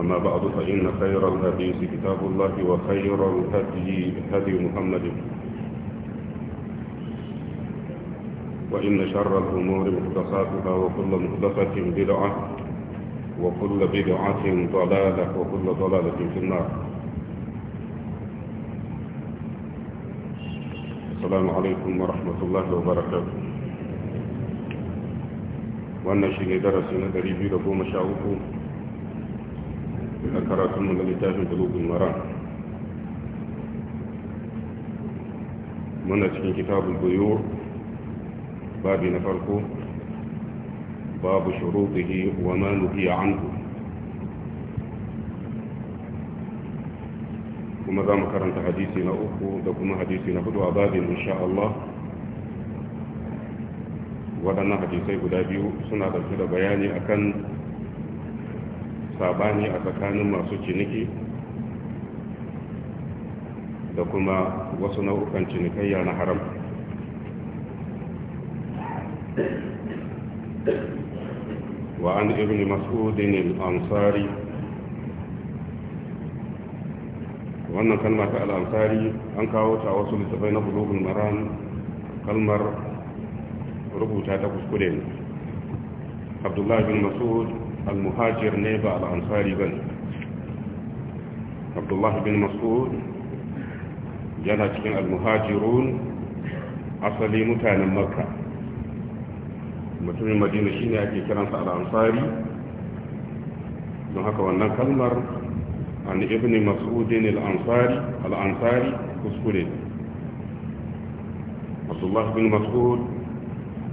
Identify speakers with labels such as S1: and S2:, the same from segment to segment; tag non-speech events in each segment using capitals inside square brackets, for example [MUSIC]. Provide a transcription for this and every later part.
S1: أما بعد فإن خير الحديث كتاب الله وخير الهدي هدي محمد وإن شر الأمور محدثاتها وكل محدثة بدعة وكل بدعة ضلالة وكل ضلالة في النار السلام عليكم ورحمة الله وبركاته وأن شيء درسنا دريبي لكم شعوكم a karatunmu na littafin bulugun mara muna cikin kitabul buyo babi na farko babu shurutihi wa ma nuhiya anhu kuma za mu karanta hadisi na uku da kuma hadisi na hudu a babin insha waɗannan hadisai guda biyu suna ɗauke da bayani akan sabani a tsakanin masu ciniki da kuma wasu nau'ukan cinikayya na haram Wa irin mas'u مسعود الأنصاري wannan kalma ta al'amsari an kawo ta wasu littafai na bulogun maran kalmar rubuta ta kuskure abdullahi bin masud al-muhajir ne ba al ba ne abdullahi bin mas'ud yana cikin al-muhajirun asali mutanen makka mutumin madina shine ake kiransa al don haka wannan kalmar an ibn mas'udin al-ansari kuskure abdullahi bin mas'ud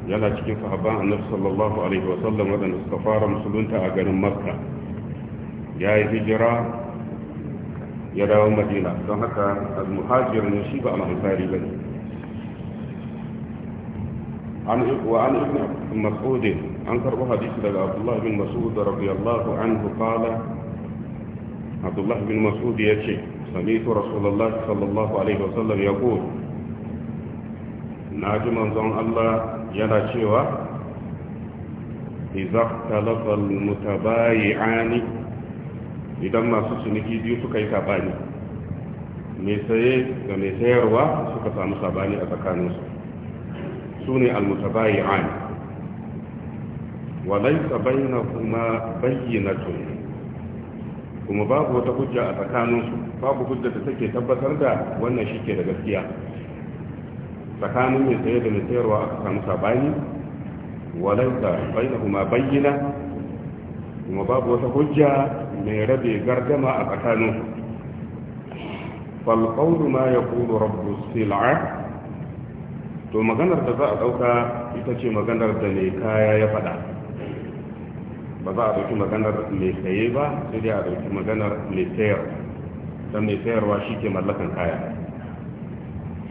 S1: yana cikin sahabban annabi sallallahu alaihi wa sallam wadanda suka fara musulunta a garin makka ya yi hijira ya dawo madina don haka al-muhajir ne shi ba al-ansari bane an wa an ibn mas'ud an karbo hadisi daga abdullah bin mas'ud radiyallahu anhu qala abdullah bin mas'ud yace sami'tu rasulullahi sallallahu alaihi wa sallam yaqul na ji manzon Allah yana cewa izar talafal mutabayi ani idan masu ciniki biyu suka yi sabani mai saye da mai sayarwa suka samu sabani a tsakaninsu su ne almutabayi ani Walai bayyana kuma bayyanatun kuma babu wata hujja a tsakaninsu babu hujja da take tabbatar da wannan shi ke da gaskiya tsakanin mai saye da mai sayarwa aka samu sabani walaita bainahuma bayyana kuma babu wata hujja mai rabe gardama a tsakanin falqawlu ma yaqulu rabbu sil'a to maganar da za a ɗauka ita ce maganar da mai kaya ya faɗa ba za a dauki maganar mai saye ba sai dai a dauki maganar mai sayar don mai sayarwa shi ke mallakan kaya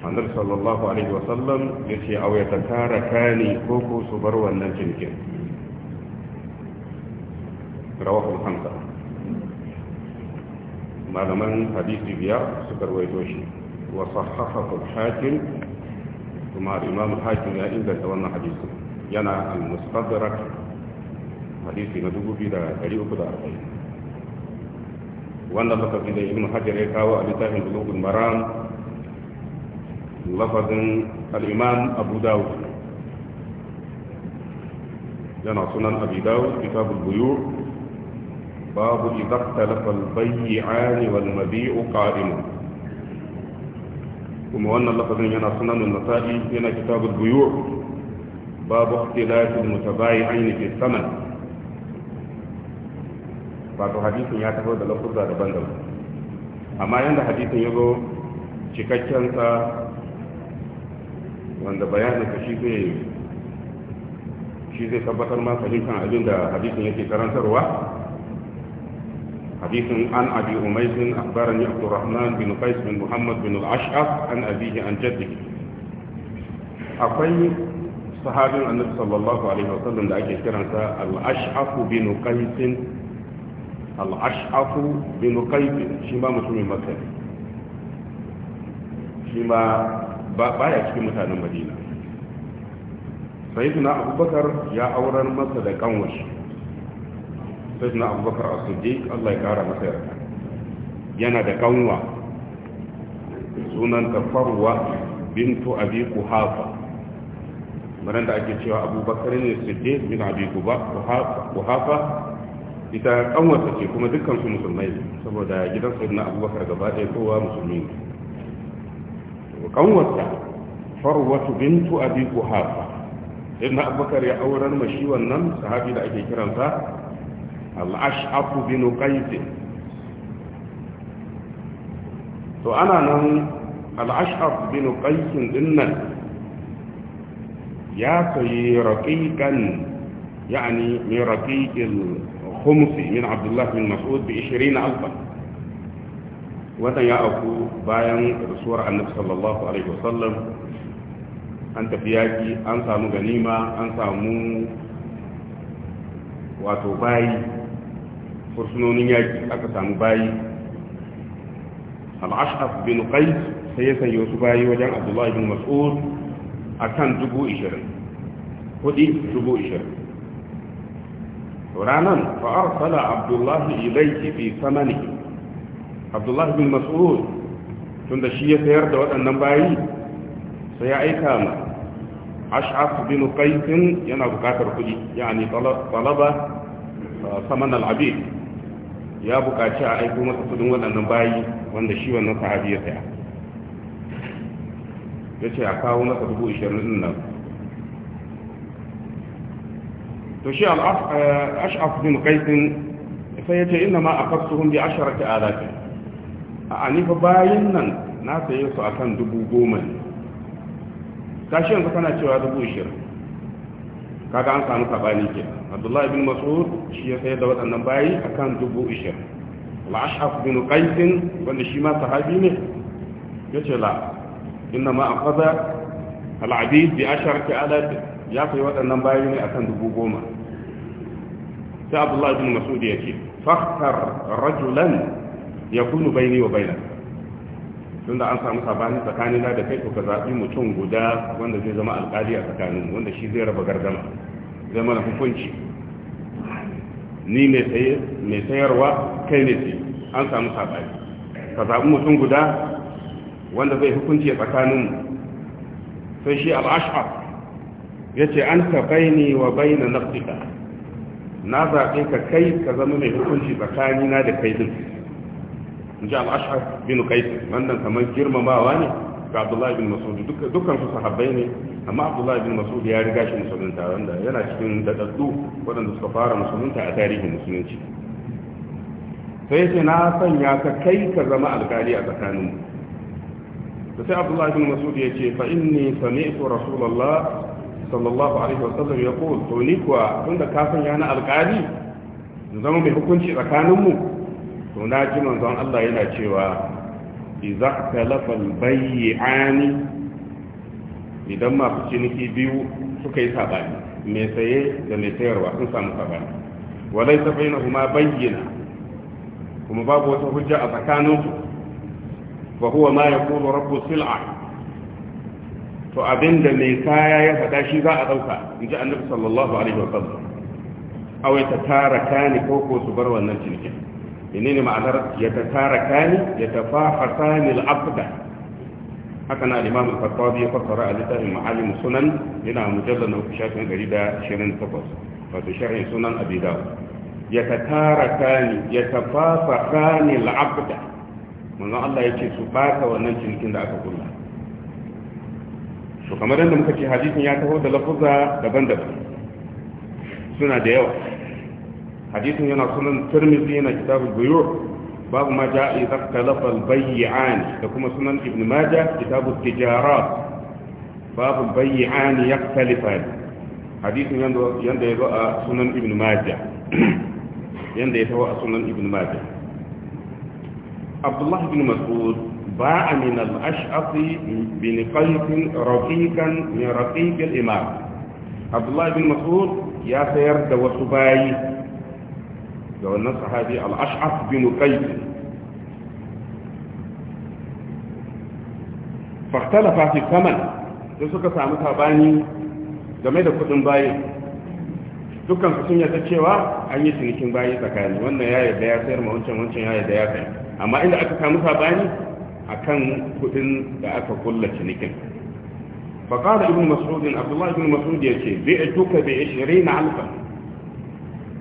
S1: annabi sallallahu alaihi wasallam ya ce au ya takara kani ko ko su bar wannan cinikin rawahul hamsa malaman hadisi biyar su rawaito shi wa sahahahu hakim kuma imam hakim ya inganta wannan hadisi yana al-mustadrak hadisi na 2340 wanda muka fi da ibn hajar ya kawo a littafin bulugul maram lafazin al'imam abu dawud yana sunan abu dawud kitabul buyu babu idakta lafal bayyi'ani wal mabi'u qa'imun kuma wannan lafazin yana sunan nasa'i yana kitabul buyu babu ikhtilafil mutabayi'ain fi saman wato hadisin ya tafi da lafuzza daban-daban amma yanda hadisin ya zo cikakken sa wanda bayanin ka shi zai shi zai tabbatar ma fahimtar abin da hadisin yake karantarwa hadisin an abi umaisin akbaran ya abu rahman bin qais bin muhammad bin ashaf an abihi an jaddi akwai sahabin annabi sallallahu alaihi wasallam da ake kiransa al-ash'af bin qais al-ash'af bin qais shi ma mutumin makka ba ya cikin mutanen madina suna abubakar ya aurar masa da kanwashi suna abubakar a suje allah ya kara masa yarda yana da kanwa sunan tafarwa bintu abi kuhafa maran da ake cewa abubakar ne siddiq bin abi kuhafa ita kanwarsa ce kuma dukkan su musulmai saboda gidan na abubakar gaba ɗaya kowa musulmi ne وكوتا فروة بنت أبي قحافة إن أبو بكر يأورا مشي والنم صحابي لا أجي كرامتا الأشعف بن قيس تو أنا نم الأشعف بن قيس إنن يا كي رقيقا يعني من رقيق الخمس من عبد الله بن مسعود بعشرين ألفا wannan ya auku bayan rasuwar annabi sallallahu alaihi wasallam an tafi yaki an samu ganima an samu wato bayi fursunonin yaki aka samu bayi al-ash'ab bin qais sai ya sanya wasu bayi wajen abdullahi bin mas'ud akan dubu ishirin kudi dubu ishirin ranan fa arsala abdullahi ilayki fi samanihi abdullah bin mas'ud tunda shi ya sayar da waɗannan bayi sai ya aika ma ash'af bin qais yana bukatar kuɗi yani talaba uh, saman al-abid ya bukaci a aiko masa kuɗin waɗannan bayi wanda shi wannan sahabi ya saya ya ce a kawo masa dubu ishirin nan to shi al'ash'af uh, bin qais sai ya ce inna ma aqaftuhum bi asharati alafi a anifa bayan nan na saye su akan dubu goma ne kashi yanzu kana cewa dubu ishirin kaga an samu sabani ke abdullahi bin mas'ud shi ya sayar da waɗannan bayi akan dubu ishirin La'ashaf bin qais wanda shi ma sahabi ne Ya ce la inna ma akhadha al-abid bi asharati alaf ya sayi waɗannan bayi ne akan dubu goma sai abdullahi bin mas'ud ya ce. fakhtar rajulan ya kunu baini wa bainan tun da an samu sabani tsakanin na da kai ko ka zaɓi mutum guda wanda zai zama alƙali a tsakanin wanda shi zai raba gardama zai mana hukunci ni mai sayarwa kai ne sai an samu sabani ka zaɓi mutum guda wanda zai hukunci a tsakaninmu sai shi al'ashar ya ce an ka baini wa baina nafsika na zaɓe ka kai ka zama mai hukunci tsakanina da kai din in ji al'ashar bin kaisi wannan kamar girmamawa ne ga abdullahi bin Masudu dukkan su sahabbai ne amma abdullahi bin Masudu ya riga shi musulunta wanda yana cikin dadaddu waɗanda suka fara musulunta a tarihin musulunci sai sai na sanya ka kai ka zama alkali a tsakanin da sai abdullahi bin Masudu ya ce fa in inni sami'tu rasulallah sallallahu alaihi wasallam ya ko to ni kuwa tun da ka sanya na alkali zama mai hukunci tsakaninmu Kuna ji manzon Allah yana cewa idza talafa al-bay'ani idan masu ciniki biyu suka yi sabani mai saye da mai sayarwa sun samu sabani walai ta bayyana kuma bayyana kuma babu wata hujja a tsakaninsu fa huwa ma yaqulu rabu sil'a to abinda mai kaya ya faɗa shi za a ɗauka in ji annabi sallallahu alaihi wa sallam awai ta tara kani ko ko su bar wannan cinikin menene ma'anar ya ta tara kani ya ta fahasa nil abda haka na Limamin al-fattabi ya fassara a littafin ma'alim sunan yana mujallar na uku shafin gari da shirin takwas wato sharhin sunan abi dawo ya ta tara kani ya ta fahasa nil abda manzon Allah ya ce su baka wannan cinikin da aka kulla to kamar yadda muka ce hadisin ya taho da lafuza daban-daban suna da yawa حديث هنا سنة الترمذي هنا كتاب البيوع باب ما جاء إذا اختلف البيعان تكون سنن ابن ماجه كتاب التجارات باب البيعان يختلفان حديث يندي سنن ابن ماجه [CLEARS THROAT] يندي هو سنن ابن ماجه عبد الله بن مسعود باع من الأشعث قيس رقيقا من رقيق الإمام عبد الله بن مسعود يا سير دوسباي ga wannan sahabi al-ash'af bin qais fahtalafa fi saman sai suka samu sabani game da kudin bayi dukkan sun yarda cewa an yi cinikin bayi tsakani wannan ya yarda ya sayar ma wancan wancan ya yarda ya sayar amma inda aka samu sabani akan kudin da aka kulla cinikin فقال ابن مسعود عبد الله بن مسعود يقول بعتك ب 20000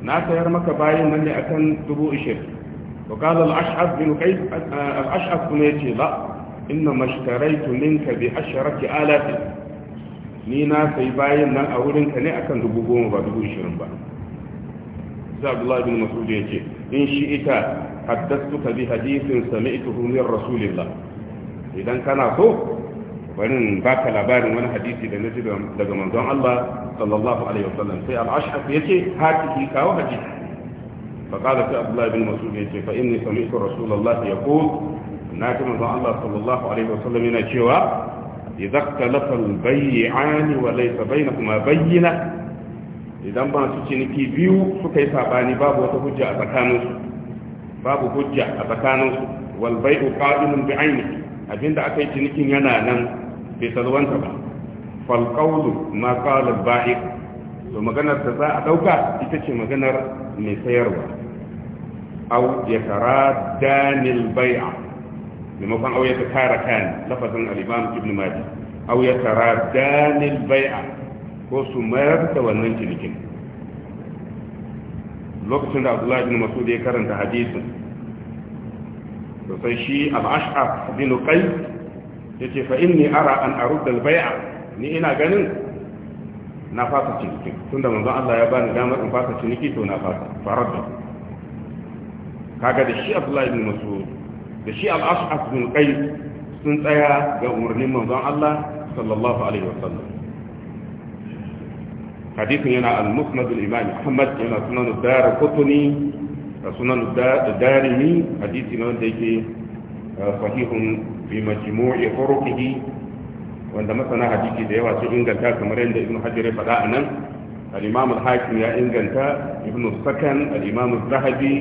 S1: na sayar maka bayan nan ne akan dubu ishirin to kala al-ash'ab bin qais al-ash'ab kuma yace la inna mashtaraitu minka bi asharati alafi ni na sai bayan nan a wurin ka ne akan dubu goma ba dubu ishirin ba sai abdullahi bin mas'ud ce. in shi ita haddathtuka bi sami sami'tuhu min rasulillah idan kana so barin baka labarin wani hadisi da naji daga manzon Allah sallallahu alaihi wasallam sai al-ashhab yace hadisi kawo hadisi fa qala sai Abdullah bin Mas'ud yace fa inni sami'tu Rasulullah yaqul na ji manzon Allah sallallahu alaihi wasallam yana cewa idza ikhtalafa al-bay'an wa laysa bainakuma bayyina idan ba su ciniki biyu suka yi sabani babu wata hujja a tsakaninsu babu hujja a tsakaninsu wal abinda aka yi cinikin yana nan bai salwanta ba falƙaunu na ƙalar ba'i to maganar da za a ɗauka ita ce maganar mai sayarwa au ya tara danil bai'a maimakon au ya ta kara kayan lafazin al'imam ibn maji au ya tara danil bai'a ko su mayar da wannan cinikin lokacin da abdullahi masu masud ya karanta hadisin sosai shi al-ash'ab bin ce fa inni ara an arud dalbaya bai'a ni ina ganin na fasa ciniki da manzon Allah ya bani damar in fasa ciniki to na fasa faradda kaga da shi Abdullah ibn Mas'ud da shi al-Ash'ab ibn Qais sun tsaya ga umarnin manzon Allah sallallahu alaihi sallam. Hadithin yana al-musnad al-imam Muhammad yana sunan ad-dar qutni sunan ad-darimi Hadithi ne wanda yake eh, sahihun بمجموع طرقه وأنت مثلا هديك ديوة إنجل تا كمرين ابن حجر فلاعنا الإمام الحاكم يا إنجل تا ابن السكن الإمام الذهبي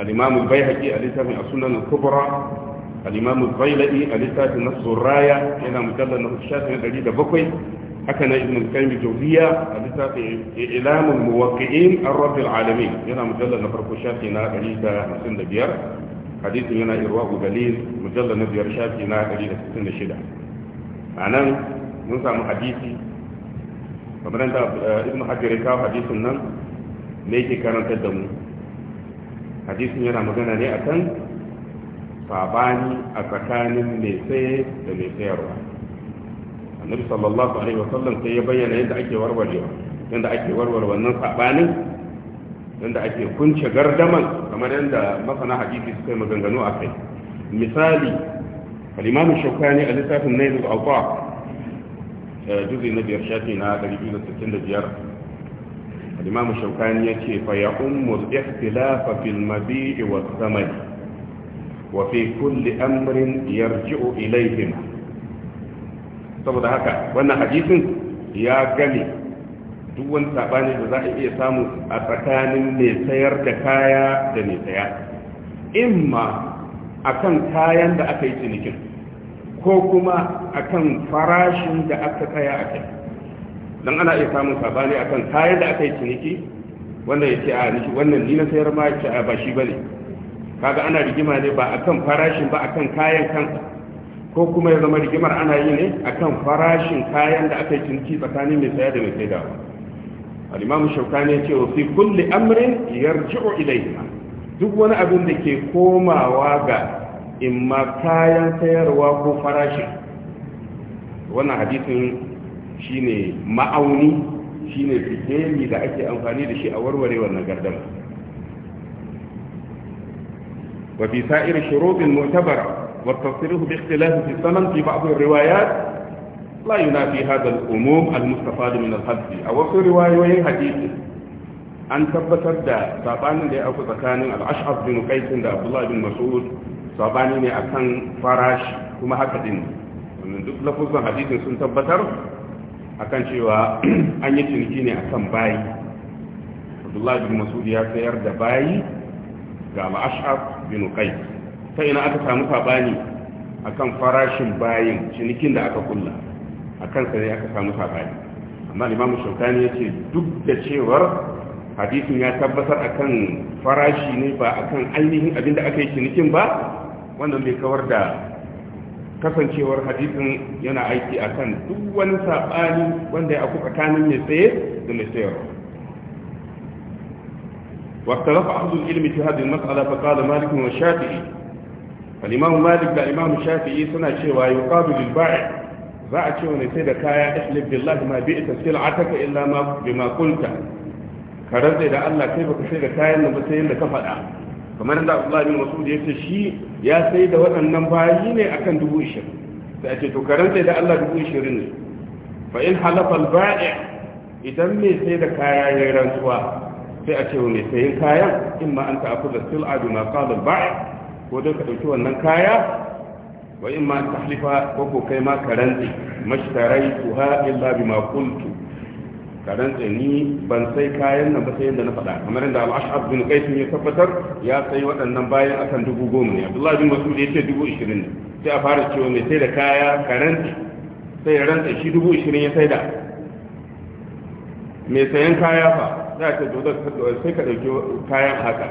S1: الإمام البيهقي أليسا من السنن الكبرى الإمام الضيلئي أليسا في نفس الراية إلى مجلد نفس الشاسم الجديد بقي حكنا ابن القيم الجوزية أليسا في إعلام الموقعين الرب العالمين إلى مجلد نفس الشاسم الجديد بقي hadisin yana irwa galil mujallar na biyar shafi na 166 a nan mun samu hadisi kamar da eh, ibn hajjar ya kawo hadisin nan me ke karantar da mu hadisin yana magana ne a kan sabani a tsakanin mai saye da mai sayarwa annabi sallallahu alaihi wasallam sai ya bayyana yadda ake warwarewa yadda ake warware wannan sabanin yadda ake kunce gardaman kamar yadda masana hadisi suka yi maganganu a kai misali alimamin shaukani a littafin na yanzu alfa eh, juzi na biyar shafi na 265 alimamin shaukani ya ce fa ya umul ikhtilafa fil mabi'i wa samari wa fi kulli amrin yarji'u ilaihima saboda haka wannan hadisin ya gane duk wani sabani da za a iya samu a tsakanin mai sayar da kaya da mai saya imma kan kayan da aka yi cinikin ko kuma a kan farashin da aka tsaya a kai don ana iya samun sabani kan kayan da aka yi ciniki wanda ya ce a nishi wannan ni na sayar ma ce ba shi ne. kaga ana rigima ne ba a kan farashin ba a kan kayan kansa ko kuma ya zama rigimar ana yi ne a kan farashin kayan da aka yi ciniki tsakanin mai saya da mai saidawa al-imam shaukani ya ce wa fi kulli amrin yarji'u ilayha duk wani abin da ke komawa ga imma kayan sayarwa ko farashi wannan hadisin shine ma'auni shine sikeli da ake amfani da shi a warware wannan gardama wa fi sa'ir shurutin mu'tabara wa tasrihu bi ikhtilafi fi sanan fi ba'd riwayat la yunafi hadal umum al-mustafad min al-hadith a wasu riwayoyin hadisi an tabbatar da sabanin da ya auku tsakanin al-ash'ab bin qais da abdullah bin mas'ud sabani ne akan farashi kuma haka din wannan duk lafuzan hadisin sun tabbatar akan cewa an yi ciniki ne akan bayi abdullah bin mas'ud ya sayar da bayi ga al-ash'ab bin qais sai ina aka samu sabani akan farashin bayin cinikin da aka kulla kansa ne aka samu sabani amma limamu shaukani ya ce duk da cewar hadisin ya tabbatar akan farashi ne ba akan ainihin abin da aka yi cinikin ba wannan bai kawar da kasancewar hadisin yana aiki akan duk wani sabani wanda ya akuka tsakanin mai tsaye da mai sayarwa واختلف أحد العلم في هذه المسألة فقال مالك والشافعي فالإمام مالك لإمام الشافعي سنة شيء ويقابل البائع za a ce wani sai da kaya ihlif billahi ma bi ita sil'ataka illa ma bima qulta ka rantsa da Allah kai baka sai da kayan nan ba sai yadda ka faɗa kamar da Abdullah bin Mas'ud ya ce shi ya sai da waɗannan bayi ne akan dubu ishirin sai a ce to ka rantsa da Allah dubu ishirin ne fa in halafa al-ba'i idan mai sai da kaya ya rantsuwa sai a ce mai sayin kayan in ma an ta'khudha sil'a bima qala al-ba'i ko dai ka dauki wannan kaya wa in ma tahlifa ko ko kai ma karanti mashtarai tuha illa bima qultu karanti ni ban sai kayan nan ba sai yanda na faɗa kamar yadda al-ash'ab bin qais ya tabbatar ya sai waɗannan bayan akan dubu goma ne abdullahi bin mas'ud ya ce dubu 20 ne sai a fara cewa mai sai da kaya karanti sai ya rantsa shi dubu 20 ya sai da mai sayan kaya fa za ta zo sai ka ɗauki kayan haka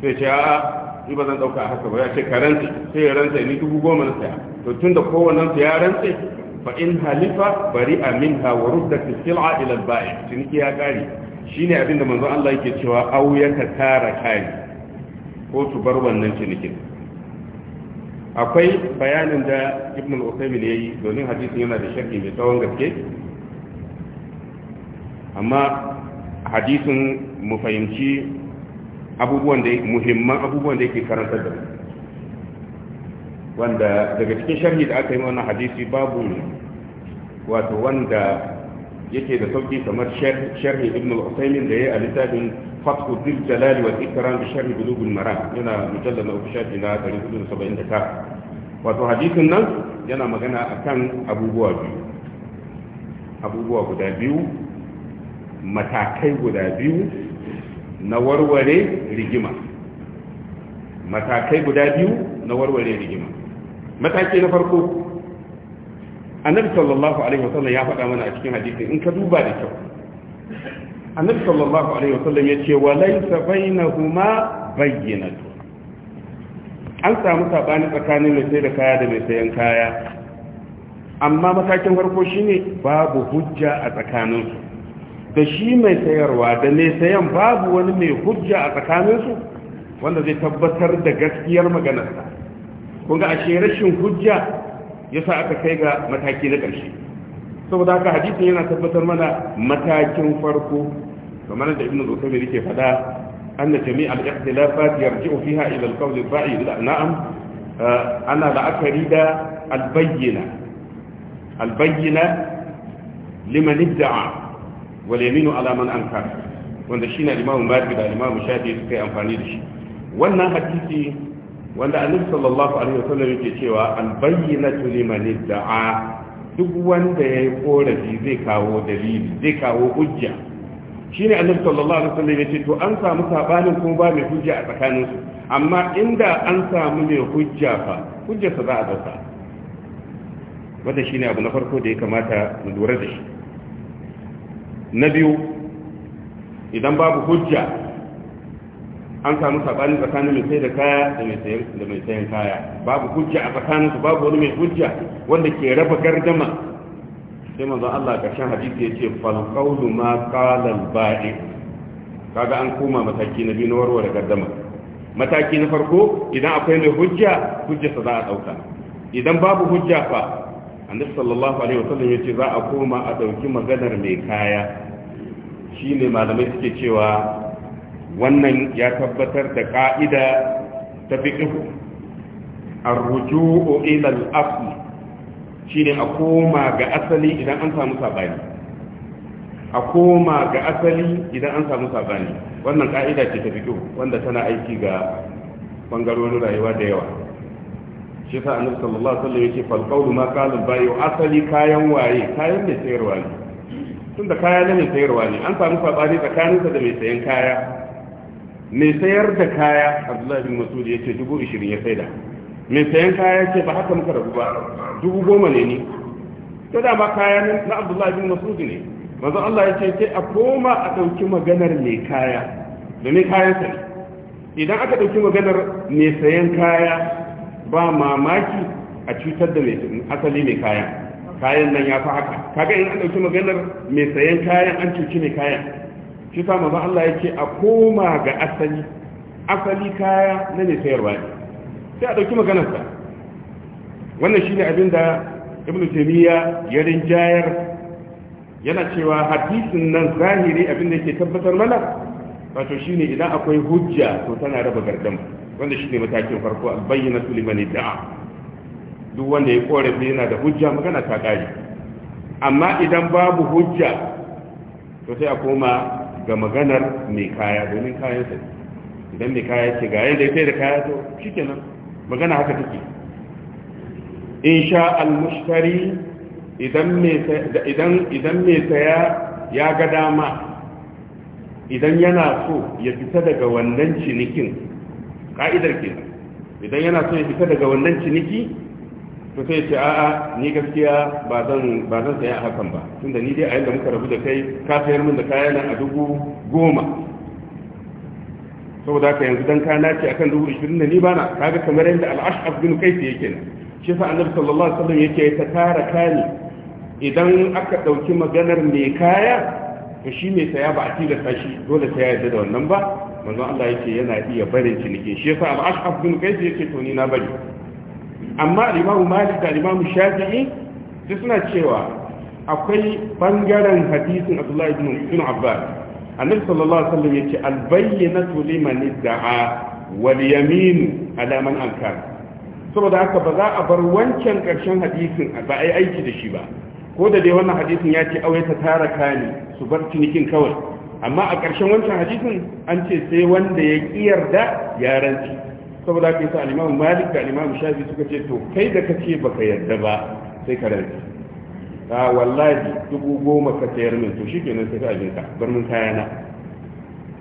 S1: sai ce a. ni ba zan dauka haka ba ya ce ka rantsa sai ya rantsa ni dubu goma na saya to tunda kowannen su ya rantse fa in halifa bari a ha wa rudda sil'a ila al-ba'i ciniki ya kare shine abinda manzon Allah yake cewa au ya ka tara kai ko su bar wannan cinikin akwai bayanin da ibn al ya yayi domin hadisin yana da sharhi mai tsawon gaske amma hadisin mu fahimci abubuwan da muhimman abubuwan da yake karantar da wanda daga cikin sharhi da aka yi wannan hadisi babu wato wanda yake da sauki kamar sharhi ibn al-usaymin da yayi a littafin fathu dil jalali wa ikram bi sharhi al maram yana mujallal na uku shafi na 479 wato hadisin nan yana magana akan abubuwa biyu abubuwa guda biyu matakai guda biyu na warware rigima matakai guda biyu na warware rigima mataki na farko annabi sallallahu alaihi wasallam ya faɗa mana a cikin hadisi in ka duba da kyau annabi sallallahu alaihi wasallam ya ce wa laysa bainahuma bayyinatu an samu sabani tsakanin mai sai da kaya da mai sayan kaya amma matakin farko shine babu hujja a tsakaninsu da shi mai sayarwa da mai sayan babu wani mai hujja a tsakaninsu wanda zai tabbatar da gaskiyar maganarsa kun a ashe rashin hujja ya sa aka kai ga mataki na ƙarshe saboda haka hadisin yana tabbatar mana matakin farko kamar da ibnu zubair yake faɗa أن جميع الاختلافات يرجع فيها إلى القول البعيد نعم أنا لا أكريد البينة البينة لمن ادعى wal alaman ala man wanda shi na imamu Malik da al-imamu Shafi suka yi amfani da shi wannan hadisi wanda annabi sallallahu alaihi wasallam yake cewa al-bayyinatu liman da'a duk wanda ya yi korafi zai kawo dalili zai kawo hujja shi ne annabi sallallahu alaihi wasallam yace to an samu sabanin kuma ba mai hujja a tsakaninsu, amma inda an samu mai hujja fa hujjarsa za a dauka wanda shine abu na farko da ya kamata mu lura da shi na biyu idan babu hujja an samu saɓanin tsakanin mai sai da kaya da mai sayan kaya babu hujja a tsakaninsu babu wani mai hujja wanda ke raba gardama sai manzon Allah ƙarshen hadisi ya ce falƙaulu ma ƙalal ba'i kaga an koma mataki na biyu na warware gardama mataki na farko idan akwai mai hujja hujjarsa za a ɗauka idan babu hujja fa annabi sallallahu alaihi wasallam yace za a koma a dauki maganar mai kaya shine malamai suke cewa wannan ya tabbatar da ka'ida ta fiqh ar-ruju'u ila al-asl shine a koma ga asali idan an samu sabani a koma ga asali idan an samu sabani wannan ka'ida ce ta fiqh wanda tana aiki ga bangarorin rayuwa da yawa shi sa annabi sallallahu alaihi wasallam yake fal qawlu ma qalu bayu asali kayan waye kayan mai sayarwa ne tunda kaya ne mai sayarwa ne an samu sabani tsakanin sa da mai sayan kaya mai sayar da kaya Abdullahi bin Mas'ud yace dubu 20 ya saida mai sayan kaya ce ba haka muka rabu ba dubu goma ne ni to da ba kaya na Abdullahi bin Mas'ud ne manzo Allah yace sai a koma a dauki maganar mai kaya domin kayan sa ne idan aka dauki maganar mai sayan kaya ba mamaki a cutar da asali mai kayan kayan nan ya fi haka kaga in an ɗauki maganar mai sayan kayan an cuci mai kayan shi sa Allah ya ce a koma ga asali asali kaya na mai sayarwa ne sai a ɗauki maganarsa wannan shine abin da ibn taymiya ya rinjayar yana cewa hadisin nan zahiri abin da ke tabbatar mana wato shine idan akwai hujja to tana raba gardama wanda shi ne matakin farko a bayyana su liman da'a duk wanda ya korafi yana da hujja magana ta ƙari amma idan babu hujja to sai a koma ga maganar mai kaya domin kayan sa idan mai kaya ce ga yadda ya da kaya to shi kenan magana haka take in sha al-mushtari idan mai saya ya ga dama idan yana so ya fita daga wannan cinikin ka'idar ke idan yana so ya fita daga wannan ciniki to sai ce a'a ni gaskiya ba zan ba zan saya a hakan ba tunda ni dai a yanda muka rabu da kai ka sayar min da kaya na a dubu goma saboda ka yanzu dan kana ce akan dubu ishirin da ni bana kaga kamar yadda al-ash'ab bin kaifi yake ne shi yasa annabi sallallahu alaihi wasallam yake ta tara kani idan aka dauki maganar mai kaya to shi mai saya ba a tilasta shi dole sai ya yarda da wannan ba manzo Allah yake yana iya barin ciniki shi yasa al-ashaf bin qais yake to ni na bari amma al-imamu malik da imamu shafi'i duk suna cewa akwai bangaren hadisin abdullahi ibn ibn abbas annabi sallallahu alaihi wasallam yace al-bayyinatu liman idda'a wal yamin ala man saboda haka ba za a bar wancan karshen hadisin ba ai aiki da shi ba ko da dai wannan hadisin ya ce ta tara kani su bar cinikin kawai amma a ƙarshen wancan hadisin an ce sai wanda ya ƙi da ya rantsi saboda ka yasa alimamu Malik da alimamu Shafi suka ce to kai da kace baka yarda ba sai ka rantsi a wallahi dubu goma ka sayar min to kenan sai ka abinka bar mun kayana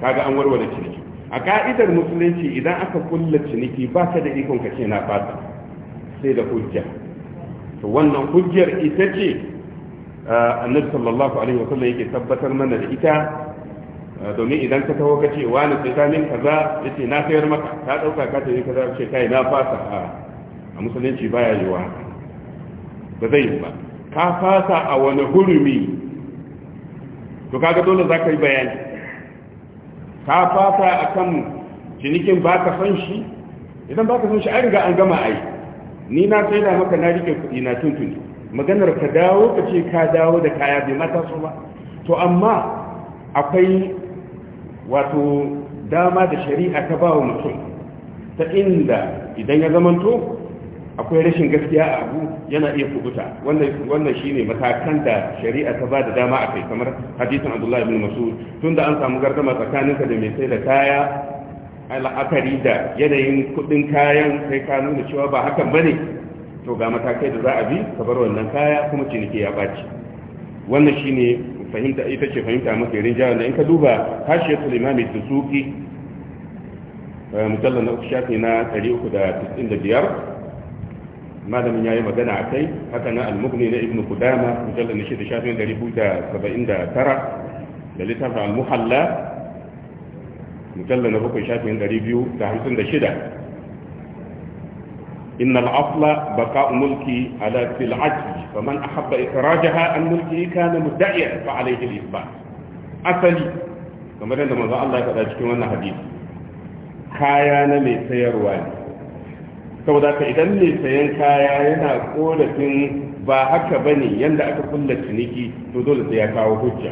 S1: kaga an warware ciniki a ka'idar musulunci idan aka kulla ciniki ba ka da ikon ka ce na fata sai da hujja to wannan hujjar ita ce annabi sallallahu alaihi wasallam yake tabbatar mana da ita Ah, domin idan ka taho ka ce wani sai kamin kaza ya ce na sayar maka ta ɗauka ka ce kaza ce kai na fasa ah, a musulunci baya yiwa ba zai yi ba ka fasa a wani hurumi to kaga dole za ka yi bayani ka fasa a kan cinikin ba ka shi idan ba ka son shi an riga an gama ai ni na sai da maka na rike kuɗi na tuntuni maganar ka dawo ka ce ka dawo da kaya bai mata su ba to amma akwai wato dama da shari'a ta ba wa mutum ta inda idan ya zamanto akwai rashin gaskiya a abu yana iya kubuta wannan shine matakan da shari'a ta ba da dama a kai kamar hadisin abdullahi ibn mas'ud tunda an samu gardama tsakaninka da mai sai da kaya al'akari da yanayin kudin kayan sai ka nuna cewa ba hakan bane to ga matakai da za a bi ka bar wannan kaya kuma ciniki ya baci wannan shine fahimta ita ce fahimta mafi rinjayen da in ka duba hashiyatul imami suzuki eh, mujallar na uku shafi na 395 malamin ya yi magana a kai haka na almugni na ibn kudama mujallar na shida shafi na 479 da littafin almuhalla mujallar na bakwai shafi na 256 إن الأصل بقاء ملكي على في العجل فمن أحب إخراجها عن ملكه كان مدعيا فعليه الإثبات أصلي كما لأن ما الله قد أجتمعنا حديث كايانا من سيرواني saboda ka idan mai sayan kaya yana korafin ba haka ba ne yadda aka kulla ciniki to dole sai ya kawo hujja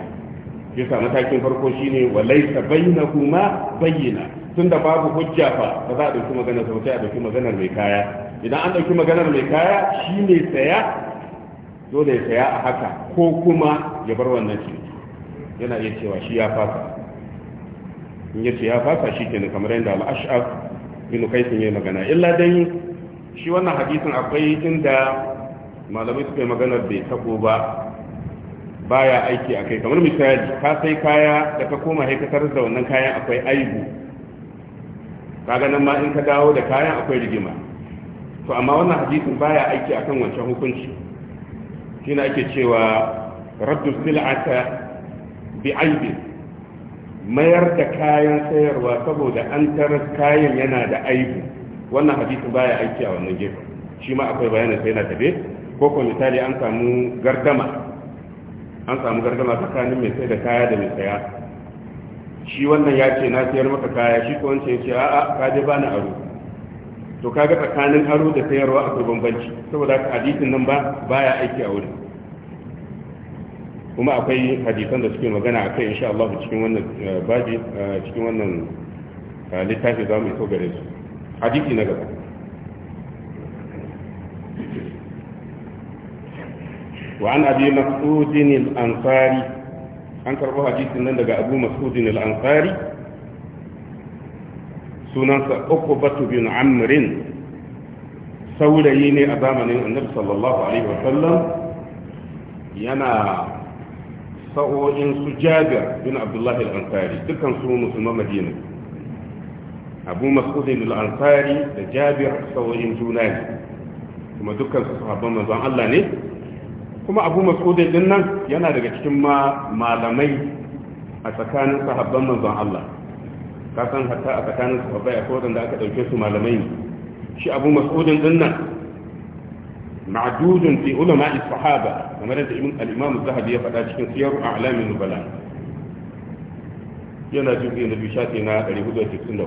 S1: shi sa matakin farko shine walai ta bayyana kuma bayyana tun da babu hujja fa ba za a ɗauki magana sau sai a ɗauki maganar mai kaya idan an ɗauki maganar mai kaya shi ne saya dole ya saya a haka ko kuma ya bar wannan shi. yana iya cewa shi ya fasa in ya ce ya fasa shi kenan kamar yadda inu kai sun yi magana illa yi shi wannan hadisin akwai inda malamai suka yi maganar bai tabo ba baya aiki a kai kamar misali ka sai kaya da ka koma haikatar da wannan kayan akwai aibu ka nan ma in ka dawo da kayan akwai rigima to amma wannan hadisin baya aiki akan wancan hukunci shine ake cewa raddu sil'ata bi aibi mayar da kayan sayarwa saboda an tarar kayan yana da aibi, wannan hadisin baya aiki a wannan gefe shi ma akwai bayanin sai na tabe ko ko misali an samu gardama an samu gardama tsakanin mai sai da kaya da mai saya shi wannan ya ce na sayar maka kaya shi ko wancan ya ce a'a ka je bani aro to kaga tsakanin aro da sayarwa akwai bambanci saboda hadisin nan ba baya aiki a wurin kuma akwai hadisan da suke magana a kai insha Allah cikin wannan eh, baji eh, cikin wannan eh, littafi za mu iso gare su hadisi na gaba an al-ansari an karbo hadisin nan daga abu mas'udin al-ansari sunansa ukubatu bin amrin saurayi ne a zamanin annabi sallallahu alaihi wa sallam yana sa'o'in su jaga bin abdullahi al-ansari dukkan su musulman madina abu mas'udin al-ansari da jabir sa'o'in juna ne kuma dukkan su sahabban manzon Allah ne kuma abu mas'udin din nan yana daga cikin ma malamai a tsakanin sahabban manzon Allah Kasan san hatta a tsakanin su babbai akwai wadanda aka ɗauke su malamai shi abu mas'udin din nan ma'dudun fi ulama sahaba kamar da ibn al-imam zahabi ya faɗa cikin siyaru a'lamin nubala yana cikin na bishati na 464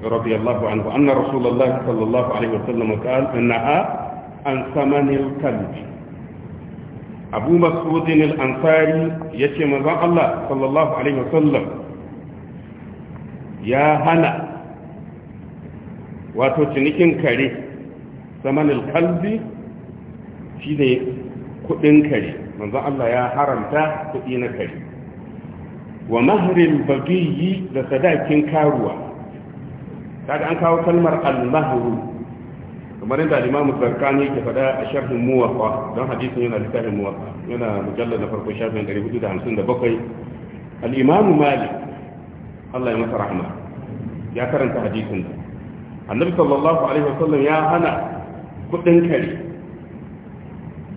S1: رضي الله عنه أن رسول الله صلى الله عليه وسلم قال أنها عن ثمن الكلب أبو مسعود الأنصاري يتي مزا Allah Sallallahu alaihi عليه ya hana wato cinikin kare samanin kalbi shi ne kudin kare manzan Allah ya haramta kudi na kare wa maharin bagiyi da sadakin karuwa kaga an kawo kalmar al-mahru kamar yadda limamu zarkani ke faɗa a sharhin muwafa don hadisin yana littafin muwafa yana mujallar na farko shafin 457 al-imamu malik Allah ya masa rahma ya karanta hadisin annabi sallallahu alaihi wasallam ya hana kudin kare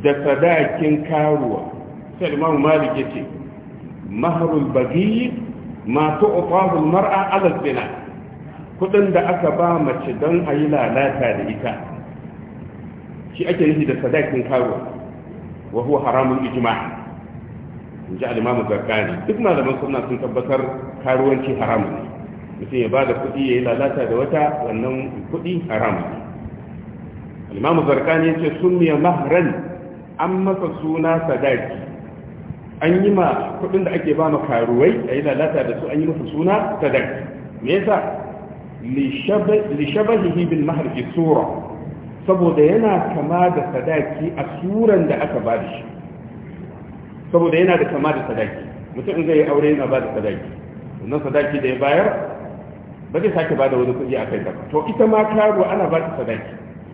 S1: da sadakin karuwa sai imam malik yace mahrul bagi ma tu'tahu al-mar'a ala zina kudin da aka ba mace don a yi lalata da ita shi ake nufi da sadakin karuwa wa huwa haramun ijma' in ji alimamu zarkani duk malaman suna sun tabbatar karuwanci haramun ne mutum ya ba da kuɗi ya yi lalata da wata wannan kuɗi haram ne alimamu zarkani ya ce sun miya mahran an masa suna sadaki an yi ma kuɗin da ake ba ma karuwai a yi lalata da su an yi masa suna sadaki me yasa lishabahihi bil mahar fi sura saboda yana kama da sadaki a suran da aka ba da shi saboda yana da kama da sadaki mutum zai yi aure yana ba da sadaki wannan sadaki da ya bayar ba zai sake ba da wani kuɗi a kai ba to ita ma karuwa ana ba ta sadaki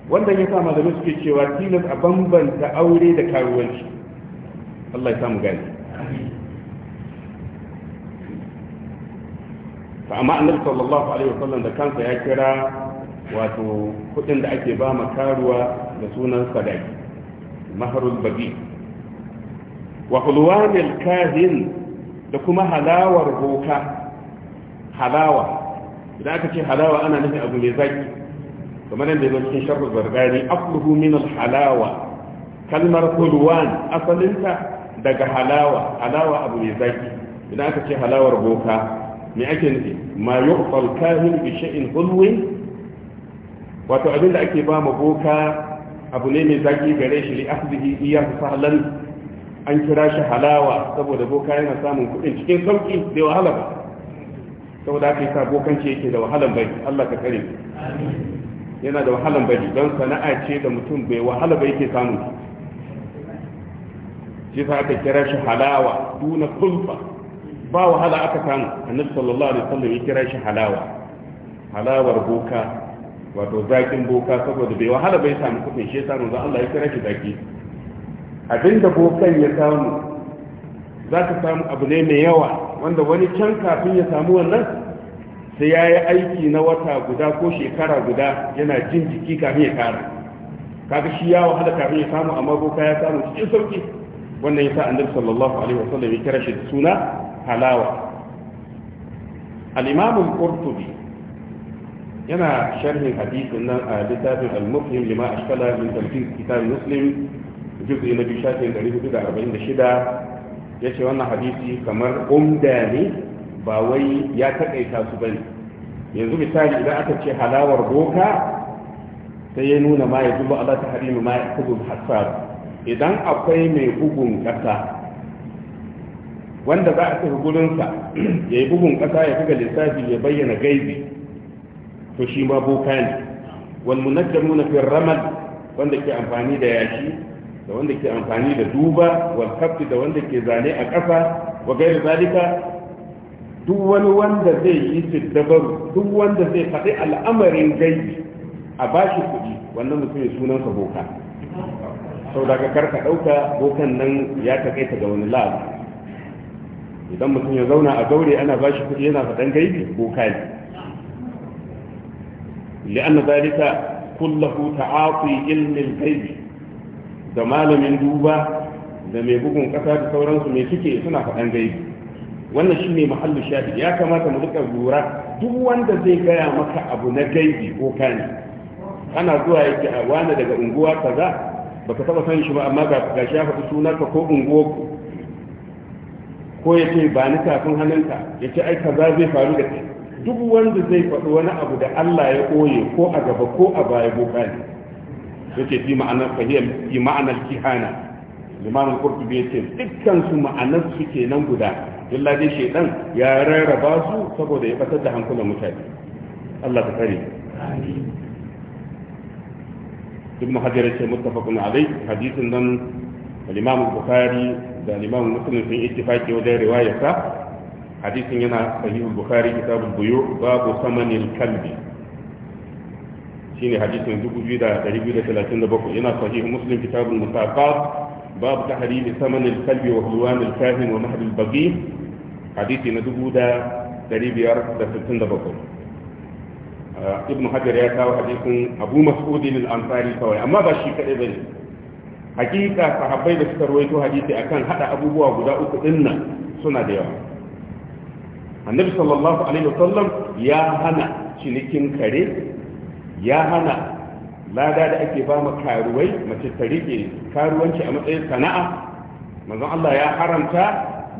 S1: wanda ya sa malamai suke cewa tilas a bambanta aure da karuwanci Allah ya samu gani fa amma annabi sallallahu alaihi wasallam da kansa ya kira wato kuɗin da ake ba ma karuwa da sunan sadaki maharul babi wa hulwanil kahin da kuma halawar boka halawa idan aka ce halawa ana nufin abu mai zaki kamar yadda zai cikin sharh zargani afluhu min halawa kalmar hulwan asalinta daga halawa halawa abu mai zaki idan aka ce halawar boka me ake nufi ma yuqtal kahin bi shay'in hulwin wato abinda ake ba ma boka abu ne mai zaki gare shi li akhdihi iyyahu sahlan an kira shi halawa saboda boka yana samun kuɗin cikin sauƙi da wahala ba saboda aka yi bokanci yake da wahalan bai Allah ka kare yana da wahalan bai don sana'a ce da mutum bai wahala ba yake samun shi sa aka kira shi halawa duna kulfa ba wahala aka samu annabi sallallahu alaihi wasallam ya kira shi halawa halawar boka wato zakin boka saboda bai wahala bai samu kudin shi yasa manzo Allah ya kira shi zaki abinda bokan ya samu za ka samu abu ne mai yawa wanda wani can kafin ya samu wannan sai ya yi aiki na wata guda ko shekara guda yana jin jiki kafin ya kara kaga shi ya wahala kafin ya samu amma boka ya samu cikin sauki wannan yasa annabi sallallahu alaihi wasallam ya kira shi da suna halawa al-imam qurtubi
S2: yana sharhin hadisin nan a littafin al-mufhim lima ashkala min tafsir kitab muslim juzi na biyu da shida
S1: ya ce wannan hadisi kamar umda ne ba wai ya takaita su ne. yanzu misali idan aka ce halawar boka sai ya nuna ma ya zuba Allah ta harimu ma ya kudu hasar idan akwai mai bugun ƙasa wanda za a tafi gurinsa ya yi bugun ƙasa ya buga lissafi ya bayyana gaibi to shi ma boka ne wal munajjamuna fi ramal wanda ke amfani da yashi da wanda ke amfani da duba wal da wanda ke zane a ƙasa wa gairi zalika duk wani wanda zai yi siddabaru duk wanda zai faɗi al'amarin gaibi a bashi kuɗi wannan mutum sunansa boka sau daga karka ɗauka bokan nan ya taƙaita ga wani labu idan mutum ya zauna a gaure ana bashi kuɗi yana faɗan gaibi boka ne لأن ذلك كله تعاطي ilmin الغيب da malamin duba da mai bugun kasa da sauransu mai suke suna faɗan gaibi wannan shi ne mahallin shafi ya kamata mu rika lura duk wanda zai gaya maka abu na gaibi ko kani ana zuwa yake a wani daga unguwa kaza baka taba san shi ba amma ga ga shafa sunarka ko unguwarku ko ya ce ba ni tafin hannunka ya ce ai kaza zai faru da kai duk wanda zai faɗi wani abu da Allah ya koye ko a gaba ko a baya boka ne yace fi ma'anar fahiyar fi ma'anar kihana limamin kurtubi yace dukkan su ma'anar su kenan guda illa dai shedan ya rarraba su saboda ya fatar da hankulan mutane Allah ta kare
S2: ibn hajar yace muttafaqun alai hadisin nan al-imam bukhari da al-imam muslim sun ittifaqi wajen riwayarsa hadisin yana sahih bukhari kitabul
S1: buyu babu samanil kalbi شيني حديث من جيدا shine hadisin 2237 إنا صحيح مسلم كتاب mutaqat باب تحريم ثمن الكلب وهلوان الكاهن ومهر البقي حديث من دا دا ستين دا بطل آه ابن حجر يا كاو حديث أبو مسعود الأنصاري سوى أما باشي كأبن حقيقة صحابي دا ويتو حديث أكان حتى أبو بوا غدا أكو سنة ديوا النبي صلى الله عليه وسلم يا هنا شنكين كريم ya hana lada da ake ba mu karuwai mace ta rike karuwanci a matsayin sana'a manzon Allah ya haramta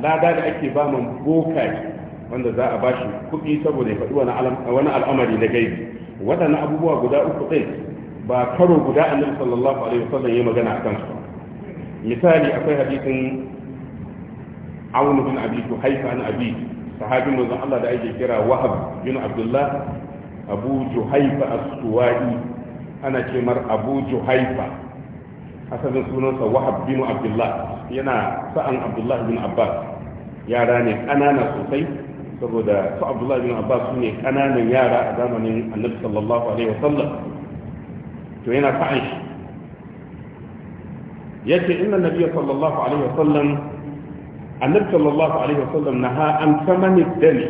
S1: lada da ake ba mu bokaye wanda za a shi kuɗi saboda ya faɗi wani al'amari na gaibi waɗannan abubuwa guda uku ɗin ba karo guda annabi sallallahu alaihi wasallam ya magana akan su misali akwai hadisin Awn bin Abi Tuhayfa an Abi sahabin manzon Allah da ake kira Wahab bin Abdullah abu juhaifa as-suwa'i ana ce mar abu juhaifa asalin sunansa wahab bin abdullah yana sa'an abdullah bin abbas yara ne kanana sosai saboda su abdullah bin abbas su ne kananan yara a zamanin annabi sallallahu alaihi wasallam to yana sa'an shi yace inna nabiyya sallallahu alaihi wasallam annabi sallallahu alaihi wasallam naha an samani dani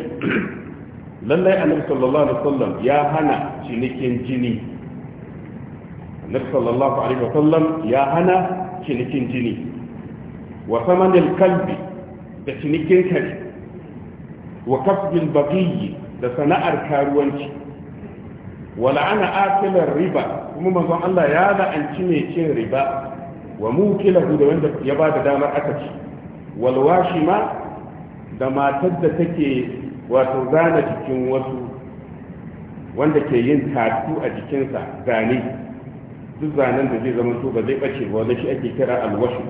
S1: lallai annabi sallallahu alaihi wasallam ya hana cinikin jini annabi sallallahu alaihi wasallam ya hana cinikin jini wa samanil kalbi da cinikin kare wa kasbil baqiyi da sana'ar karuwanci wa la'ana akilar riba kuma manzon Allah ya la'anci mai cin riba wa mukilahu da wanda ya ba da damar aka ci wal washima da matar da take wato zana jikin wasu wanda ke yin tatu a jikinsa zane duk zanen da zai zama ba zai bace ba wanda shi ake kira alwashu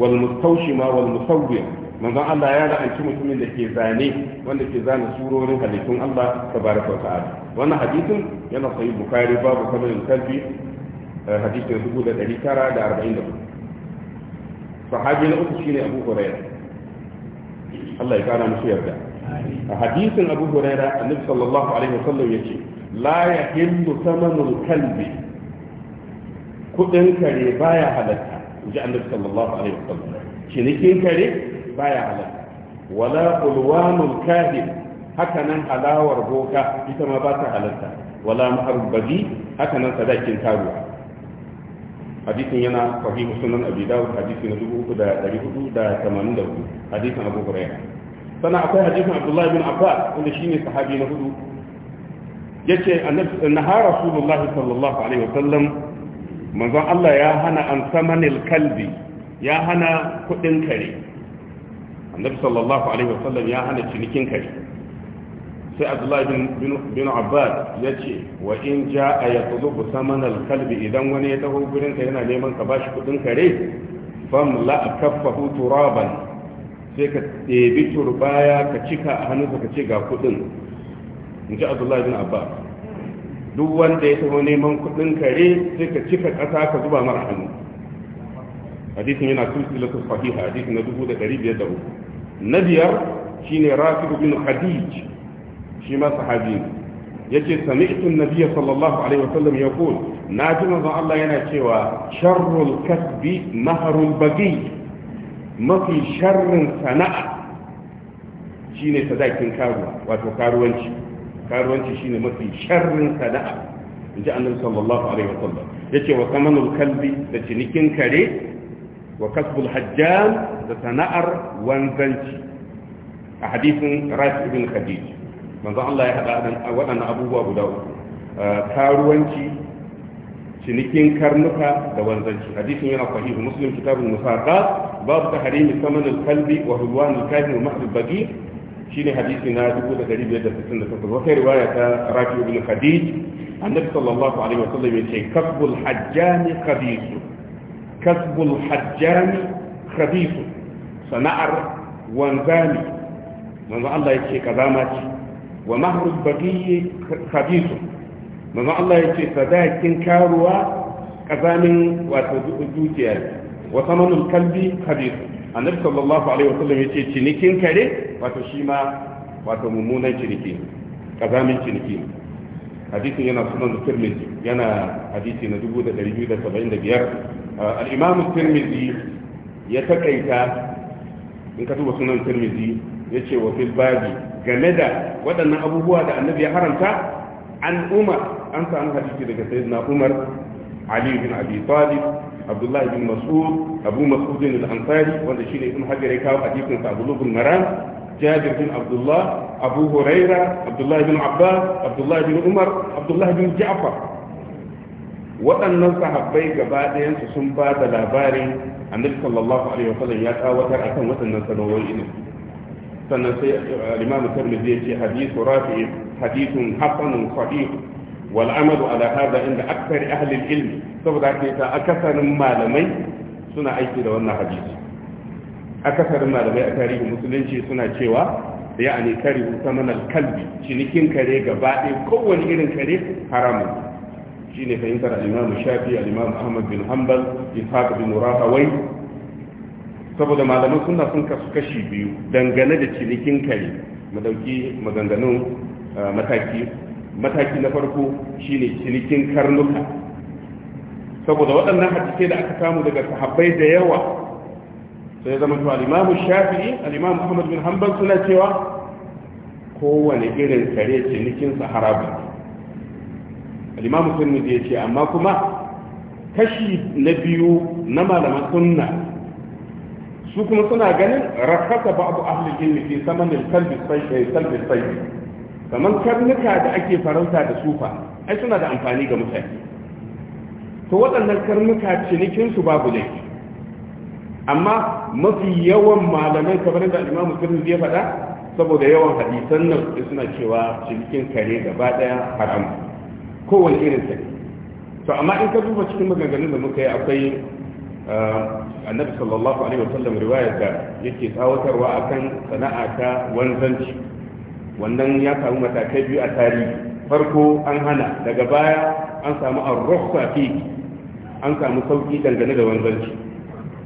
S1: wal mustawshima wal musawwir manzon Allah ya la'anci mutumin da ke zane wanda ke zana surorin halittun Allah tabaraka wa ta'ala wannan hadisin yana sahih bukhari babu kamalin kalbi eh, hadisin 1944 sahabi na uku shine Abu Hurairah Allah ya kara musu yarda a hadisin abu huraira annabi sallallahu alaihi wasallam yace la yahillu thamanul kalbi kudin kare baya halatta inji annabi sallallahu alaihi wasallam cinikin kare baya halatta wala ulwanul kahin haka nan halawar boka ita ma ba ta halatta wala maharbabi haka nan sadakin taruwa hadisin yana sahihu sunan abi dawud hadisi na 3484 hadisin abu hurairah sana akwai hadisin abdullahi bin abbas wanda shine sahabi na hudu yace annaha rasulullahi sallallahu alaihi wasallam manzon Allah ya hana an samanil kalbi ya hana kudin kare annabi sallallahu alaihi wasallam ya hana cinikin kare sai abdullahi bin abbas ya ce wa in ja a ya tsulubu saman alkalbi idan wani ya taho gurinka yana neman ka bashi kudin kare fam la kafahu turaban sai ka ɗebi turbaya ka cika a hannunsa ka ce ga kuɗin in ji abdullahi bin abba duk wanda ya taho neman kuɗin kare sai ka cika ƙasa ka zuba mara hannu hadisin yana silsilatu sahiha hadisin na dubu da ɗari biyar da uku na biyar shine rafi'u bin hadij shi ma sahabi yace sami'tu an-nabiyya sallallahu alaihi wasallam yaqul na ji manzon Allah yana cewa sharrul kasbi mahrul bagi. mafi sharrin sana'a shine sadakin karuwa wato karuwanci karuwanci shine mafi sharrin sana'a inji annabi sallallahu alaihi wasallam yace wa kamanul kalbi da cinikin kare wa kasbul hajjan da sana'ar wanzanci a hadisin rafi ibn khadij manzo Allah ya hada waɗannan abubuwa guda uku uh, karuwanci cinikin karnuka da wanzanci hadisin yana sahihu muslim kitabul musaqat babu tahrimi saman al-qalbi wa hulwan al-kafir wa mahdud baqi shine hadisi na 1568 wata riwaya ta rafi ibn khadij annabi sallallahu alaihi wa sallam yace kasbul hajjani khabith kasbul hajjani khabith sana'ar wanzani manzo Allah yace kazama ce wa mahrud baqi khabith manzon Allah ya ce sadakin karuwa kazamin wato dukiyar wa samanul kalbi kabir annabi sallallahu alaihi wasallam ya ce cinikin kare wato shi ma wato mummunan ciniki kazamin ciniki hadisin yana sunan tirmidhi yana hadisi na 2275 uh, al-imam tirmidhi ya takaita in ka duba sunan tirmidhi yace wa fil babi game da waɗannan abubuwa da annabi ya haramta an umar an samu hadisi daga sayyidina umar ali bin abi talib abdullahi mas'ud abu mas'ud bin ansari wanda shine ibn hajar ya kawo hadisin sa abu lubul maram jabir bin abdullah abu huraira abdullahi bin umar abdullahi bin ja'far waɗannan sahabbai gaba ɗayansu sun ba da labarin annabi sallallahu alaihi wasallam ya tsawatar akan waɗannan sanarwoyi ne sannan sai al-imam ya ce hadithu rafi hadithun hasanun sahih wal amalu ala inda akthar ahli al-ilm saboda haka ta akasarin malamai suna aiki da wannan hadisi akasarin malamai a tarihin musulunci suna cewa ya'ani kari saman al-kalbi cinikin kare gaba ɗaya kowane irin kare haramun shine fahimtar al-imam shafi al-imam ahmad bin hanbal ishaq bin rahawai saboda malaman suna sun kasu kashi biyu dangane da cinikin kare Madauki maganganun ah, mataki mataki na farko shine cinikin karnuka saboda waɗannan hadisai da aka samu daga sahabbai da yawa sai zama to al-Imam Shafi'i al-Imam muhammad bin Hanbal suna cewa kowane irin kare cinikin sa harabu al-Imam Tirmidhi ce amma kuma kashi na biyu na malaman sunna su kuma suna ganin rakata babu ahli ilmi fi saman eh, kalbi sai kalbi sai kaman karnuka da ake farauta da sufa ai suna da amfani ga mutane to waɗannan karnuka cinikin su babu ne, amma mafi yawan malamai kamar da imamu tirmidhi zai faɗa saboda yawan hadisan nan suna cewa cinikin kare gaba daya haram kowane irin sai to amma in ka duba cikin maganganun da muka yi akwai annabi sallallahu alaihi wasallam riwayar yake tsawatarwa akan sana'a ta wanzanci wannan ya samu matakai biyu a tarihi farko an hana daga baya an samu arruhsa fi an samu sauki dangane da wanzanci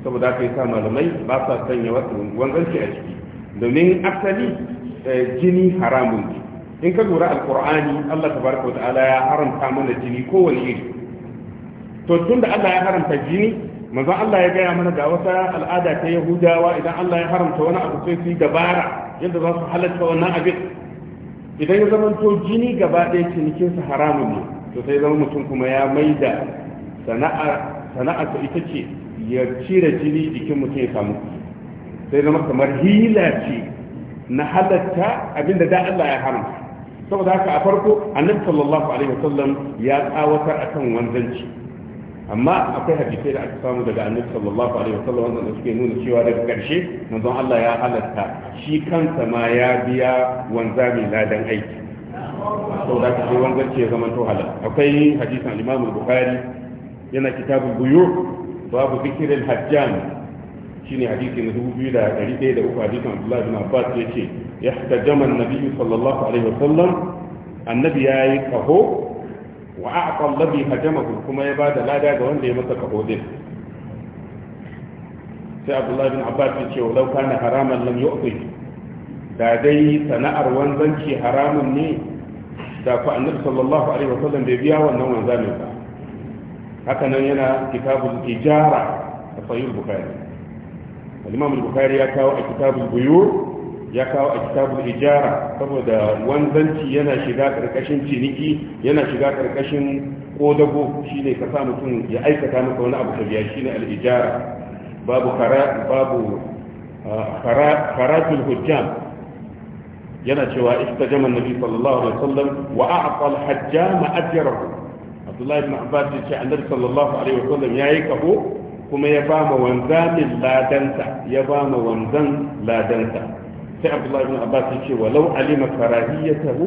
S1: saboda haka yasa malamai ba sa sanya wanzanci a ciki domin asali eh, jini haramun ne in ka lura alkur'ani Allah tabaraka wa ta'ala ya haramta mana jini kowane iri to tunda Allah ya haramta jini manzo Allah ya gaya mana ga wata al'ada ta yahudawa idan Allah ya haramta wani abu sai su dabara yadda za su halatta wannan abin idan ya zama to jini gaba ɗaya cinikin sa haramun ne to sai zama mutum kuma ya maida sana'a sana'a ta ita ce ya cire jini jikin mutum ya samu sai zama kamar hila ce na halatta abinda da Allah ya haramta saboda haka a farko annabi sallallahu alaihi wasallam ya tsawatar akan wanzanci amma akwai hadisai da aka samu daga annabi sallallahu alaihi wasallam wanda suke nuna cewa daga karshe manzon Allah ya halatta shi kansa ma ya biya wanzami ladan aiki saboda ka sai wanzanci ya zama to halal akwai hadisin al-Imam bukhari yana kitabul buyu babu zikril hajjan shine hadisi na 2103 hadisin Abdullah bin Abbas yace yahtajama an-nabi sallallahu alaihi wasallam annabi yayi kaho wa a'qa alladhi hajamahu kuma ya bada lada ga wanda ya masa kaho sai Abdullahi bin Abbas ya wa walau kana haraman lam yu'ti da dai sana'ar wanzanci haramun ne da ku annabi sallallahu alaihi wasallam bai biya wannan wanzamin ba haka nan yana kitabul ijara da sahih bukhari al-imam al-bukhari ya kawo a kitabul buyur ya kawo a kitabul ijara saboda wanzanci yana shiga karkashin ciniki yana shiga karkashin kodago shine ka sa mutum ya aikata maka wani abu ka biya shine al ijara babu kara babu karatul hujjam yana cewa istajama annabi sallallahu alaihi wasallam wa a'ta al hajjam ajrahu abdullahi ibn abbas ya ce annabi sallallahu alaihi wasallam yayi kaho kuma ya ba ma wanzamin ladanta, ya ba ma wanzan ladanta. sai abdullahi ibn abbas ya ce walau alima karahiyatahu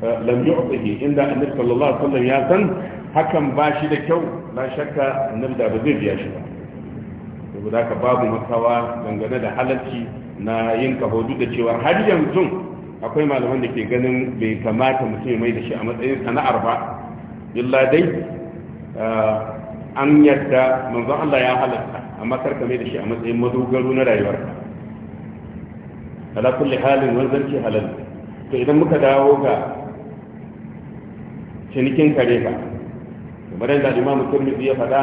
S1: lam yu'tihi inda annabi sallallahu alaihi wasallam ya san hakan ba shi da kyau na shakka annabi da ba zai biya shi ba saboda haka babu makawa dangane da halarci na yin kaho da cewa har yanzu akwai malaman da ke ganin bai kamata mutum ya mai da shi a matsayin sana'ar ba illa dai ah, an yadda manzon Allah ya halatta amma karka mai da shi a matsayin madogaro na rayuwarka ala kulli halin wanzanci halal to idan muka dawo ga cinikin kare ka kamar yadda al-imam tirmidhi ya faɗa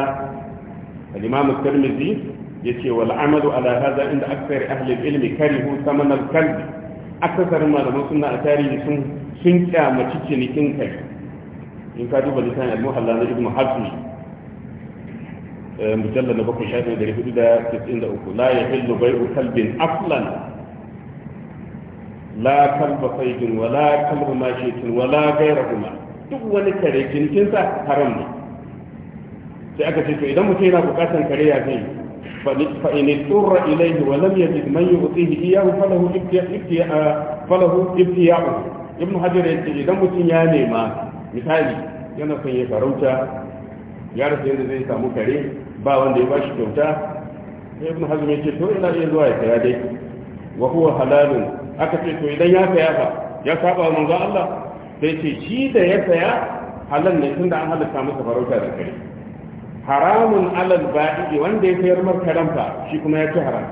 S1: al-imam tirmidhi yace wal amalu ala hadha inda akthar ahli al-ilmi karihu thaman al-kalb akthar malaman sunna a tarihi sun sun kyamaci cinikin kare in ka duba lisan al-muhalla na ibn hazmi eh, mujallal na bakwai shafin dari hudu da tisin da uku la ya hillu bai'u kalbin aflan la kalba faidin ولا kalba mashitin wala gaira kuma duk wani kare jinkinsa haram ne sai aka ce to idan mutum yana bukatan kare ya zai fa in turra ilayhi wa lam yajid man yu'tihi iyahu falahu ibtiya idan yana son ya farauta ya rasa yadda zai samu kare ba wanda ya bashi kyauta ibnu hajar ce to ina iya zuwa ya kaya dai wa huwa halalun aka ce to idan ya saya fa ya saba wa manzo Allah sai ce shi da ya saya halal ne tunda an halatta masa farauta da kai haramun alal ba'i wanda ya sayar mar karamta shi kuma ya ci haram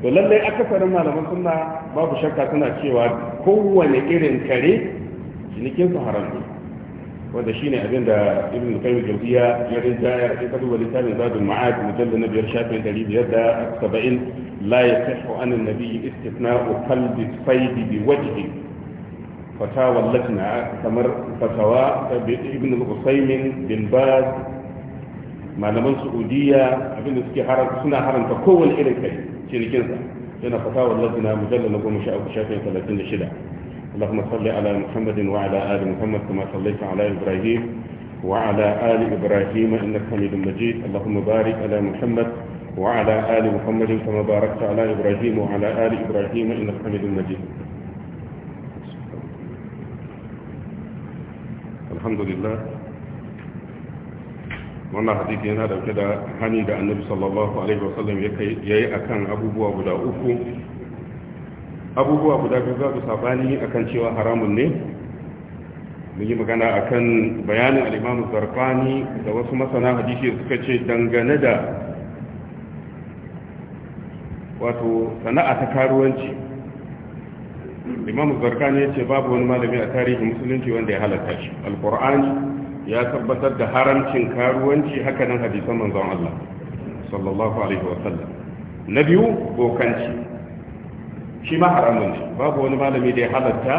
S1: to lallai akasarin malaman sunna babu shakka suna cewa kowane irin kare cinikin su haram ne wanda shine abin da ibn qayyim jawziya ya rinjaya in ka duba littafin zadul ma'ad mujallal na biyar shafin dari biyar da saba'in la yasihu an an-nabi istithna'u qalbi sayd bi wajhi fatawa latna kamar fatawa ibn al bin baz malaman saudiya abin da suke suna haramta kowane irin kai cinikinsa yana fatawa latna mujallal na goma sha uku shafin talatin da shida اللهم صل على محمد وعلى آل محمد كما صليت على إبراهيم وعلى آل إبراهيم إنك حميد مجيد اللهم بارك على محمد وعلى آل محمد كما باركت على إبراهيم وعلى آل إبراهيم إنك حميد مجيد الحمد لله وانا حديثي هذا كده حميد النبي صلى الله عليه وسلم wasallam ya أبو akan abubuwa guda abubuwa guda biyu su sabani kan cewa haramun ne mun yi magana akan bayanin alimamu zarfani da wasu masana hadisi suka ce dangane da wato sana'a ta karuwanci limamu Zarqani ya ce babu wani malami a tarihin musulunci wanda ya halatta shi al ya tabbatar da haramcin karuwanci hakanan hadisan manzon Allah sallallahu alaihi wa sallam na biyu bokanci shi ma haramun ne babu wani malami da ya halatta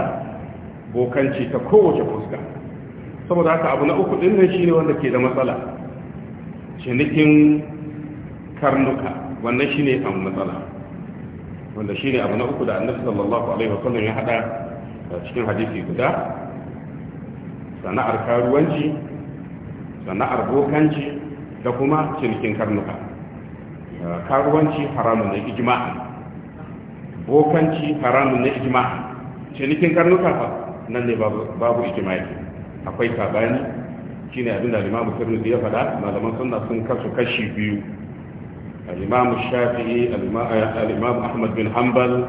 S1: bokanci ta kowace fuska saboda haka abu na uku ɗin nan shi ne wanda ke da matsala cinikin karnuka wannan shi ne abu matsala wanda shi ne abu na uku da annabi sallallahu alaihi wa sallam ya hada cikin hadisi guda sana'ar karuwanci sana'ar bokanci da kuma cinikin karnuka karuwanci haramun ne ijma'a bokanci haramun na ijma cinikin karnuka fa nan ne babu yake akwai sabani shine abin da limamu tirmidhi ya faɗa malaman sunna sun kasu kashi biyu al shafi'i al ahmad bin hanbal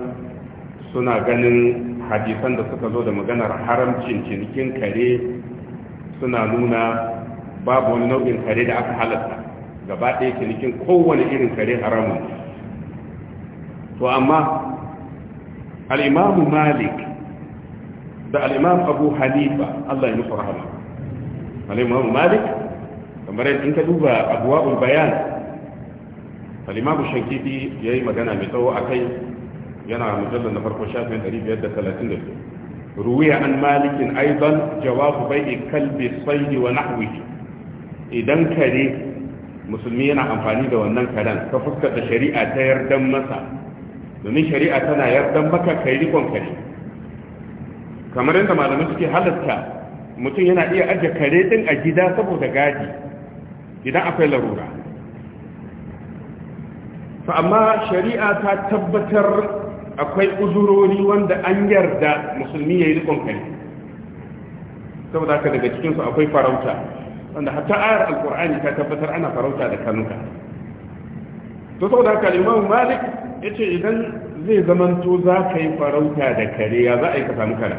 S1: suna ganin hadisan da suka zo da maganar haramcin cinikin kare suna nuna babu wani nau'in kare da aka halatta gaba ɗaya cinikin kowane irin kare haramun to amma al'imamu malik da al'imam abu hanifa allah ya nufa rahama al'imamu malik kamar yadda in ka duba abuwa'ul bayan al'imamu shankidi ya yi magana mai tsawo a kai yana mujallar na farko shafin 532 ruwiya an malikin aizon jawabu bai kalbi saidi wa nahwi idan kare musulmi yana amfani da wannan karen ka fuskar shari'a ta yardan masa domin shari'a tana yardan maka kai rikon kare kamar yadda malamai suke halatta mutum yana iya ajiye kare din a gida saboda gadi idan akwai larura to amma shari'a ta tabbatar akwai uzurori wanda an yarda musulmi ya yi rikon kare saboda haka daga cikinsu akwai farauta wanda hatta ayar alkur'ani ta tabbatar ana farauta da kanuka to saboda haka limamu malik ya ce idan zai zamanto za ka yi farauta da kare ya za a yi ka samu kare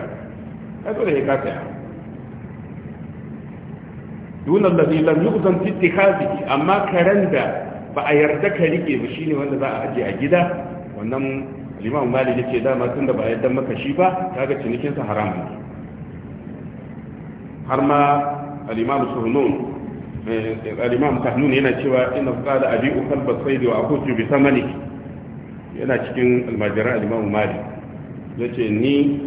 S1: ya zo da ya kasa ya dunan lafi lam yi kusan titi amma karen da ba a yarda ka rike ba shi ne wanda za a ajiye a gida wannan limamu mali ya ce dama tun da ba a yarda maka shi ba ga cinikinsa haram ne har ma al'imam suhunun eh, al'imam kahnun yana cewa ina fada abi ukal basai da wa akutu bi samani yana cikin almajiran alimamu mali ya ce ni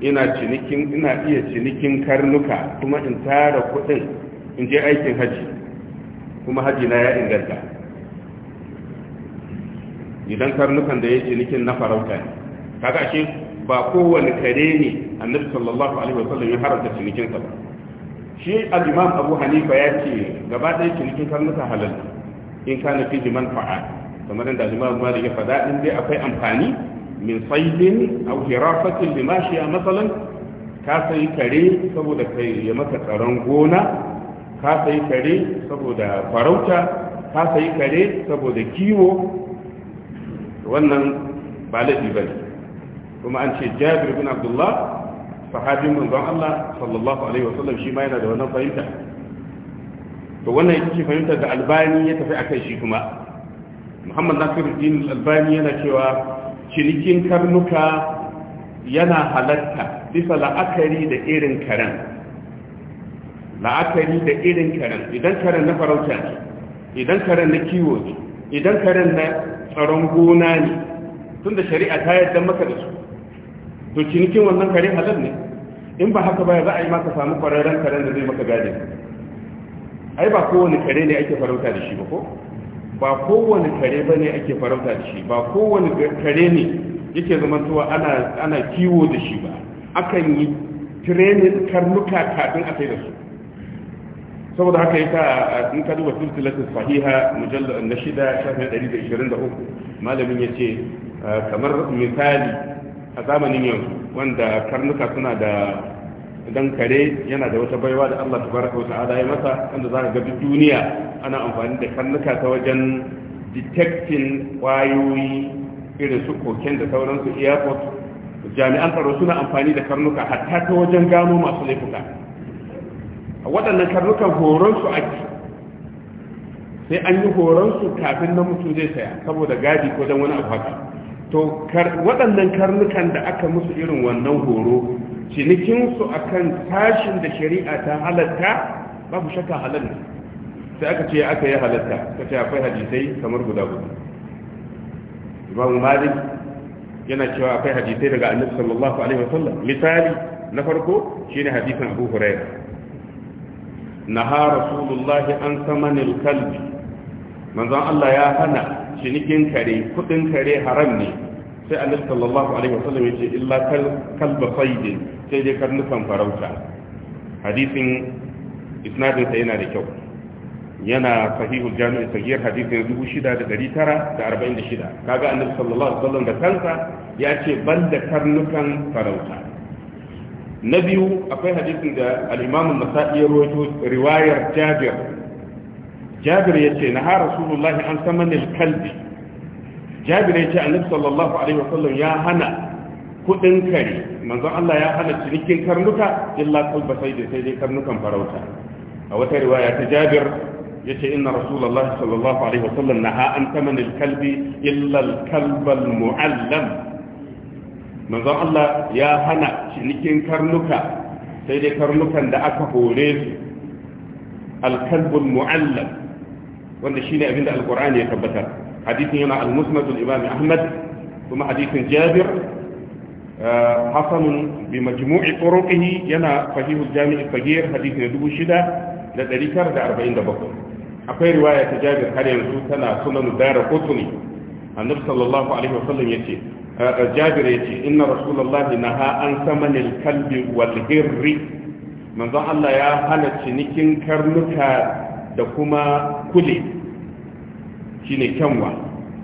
S1: ina cinikin ina iya cinikin karnuka kuma in tara kudin in je aikin haji kuma haji na ya inganta idan karnukan da ya cinikin na farauta ne kaga shi ba kowane kare ne annabi sallallahu alaihi wasallam ya haramta cinikin ba shi al-imam abu hanifa ya ce gaba ɗaya cinikin karnuka halal in kana fi manfa'a fa'a kamar da limamu malik ya faɗa in dai akwai amfani min saidin aw hirafatin limashiya masalan ka sai kare saboda kai ya maka tsaron gona ka sai kare saboda farauta ka sai kare saboda kiwo wannan ba laifi ba kuma an ce jabir bin abdullah sahabin manzon Allah sallallahu alaihi wasallam shi ma yana da wannan fahimta to wannan ita ce fahimtar da albani ya tafi akan shi kuma muhammad nasiruddin albani yana cewa cinikin karnuka yana halatta bisa la'akari da irin karen la'akari da irin karen idan karen na farauta ne idan karen na kiwo ne idan karen na tsaron gona ne tun da shari'a ta yadda maka da su to cinikin wannan kare halar ne in ba haka ba za a yi maka samu kwararren karen da zai maka gadi ai ba kowane kare ne ake farauta da shi ba ko ba kowane kare ba ne ake farauta da shi ba kowane kare ne yake tuwa ana kiwo da shi ba akan yi tirenin karnuka kafin a sai da su saboda haka yi ta in ka duba silsilatin fahiha mujalla na shida shafin 123 malamin ya ce ah, kamar misali a zamanin yanzu wanda karnuka suna da dan kare yana da wata baiwa da Allah tabaraka wa ta'ala ya masa wanda za ka ga duk duniya ana amfani da karnuka ta wajen detecting kwayoyi irin su koken da sauransu airport jami'an tsaro suna amfani da karnuka hatta ta wajen gano masu laifuka waɗannan karnukan horon su ake sai an yi horon su kafin na mutum zai saya saboda gadi ko dan wani abu haka to waɗannan karnukan da aka musu irin wannan horo cinikinsu a kan tashin da shari'a ta halatta babu shakka halal sai aka ce aka yi halatta ka ce akwai hadisai kamar guda guda imam malik yana cewa akwai hadisai daga annabi sallallahu alaihi sallam misali na farko shi ne hadisan abu Na ha rasulullahi an samanil kalbi manzon Allah ya hana cinikin kare kudin kare haram ne sai annabi sallallahu alaihi ya yace illa kalba saydin sai dai karnukan farauta hadisin isnadinsa yana da kyau yana sahihul jami'i sahihar hadisin 6946 kaga annabi sallallahu alaihi wasallam da kansa ya ce ban da karnukan farauta na biyu akwai hadisin da al-imam an-nasa'i ya rawaito riwayar jabir jabir ce na har rasulullahi an samanil kalbi jabir ya ce annabi sallallahu alaihi wasallam ya hana kudin kare manzon Allah ya hana cinikin karnuka illa kulba sai da sai dai karnukan farauta a wata riwaya ta Jabir yace inna rasulullahi sallallahu alaihi wasallam naha an taman kalbi illa al-kalb manzon Allah ya hana cinikin karnuka sai dai karnukan da aka hore su al-kalb wanda shine abinda al-Qur'ani ya tabbatar hadisin yana al-musnad Ahmad kuma hadisin Jabir hasanun bi majmu'i turuqihi yana sahihul jami'i sagir hadisi na 6947 akwai riwaya ta Jabir har yanzu tana sunan Daraqutni annabi sallallahu alaihi wasallam yace Jabir yace inna rasulullahi naha an samanil kalbi wal hirri Allah ya hana cinikin karnuka da kuma kule shine kyanwa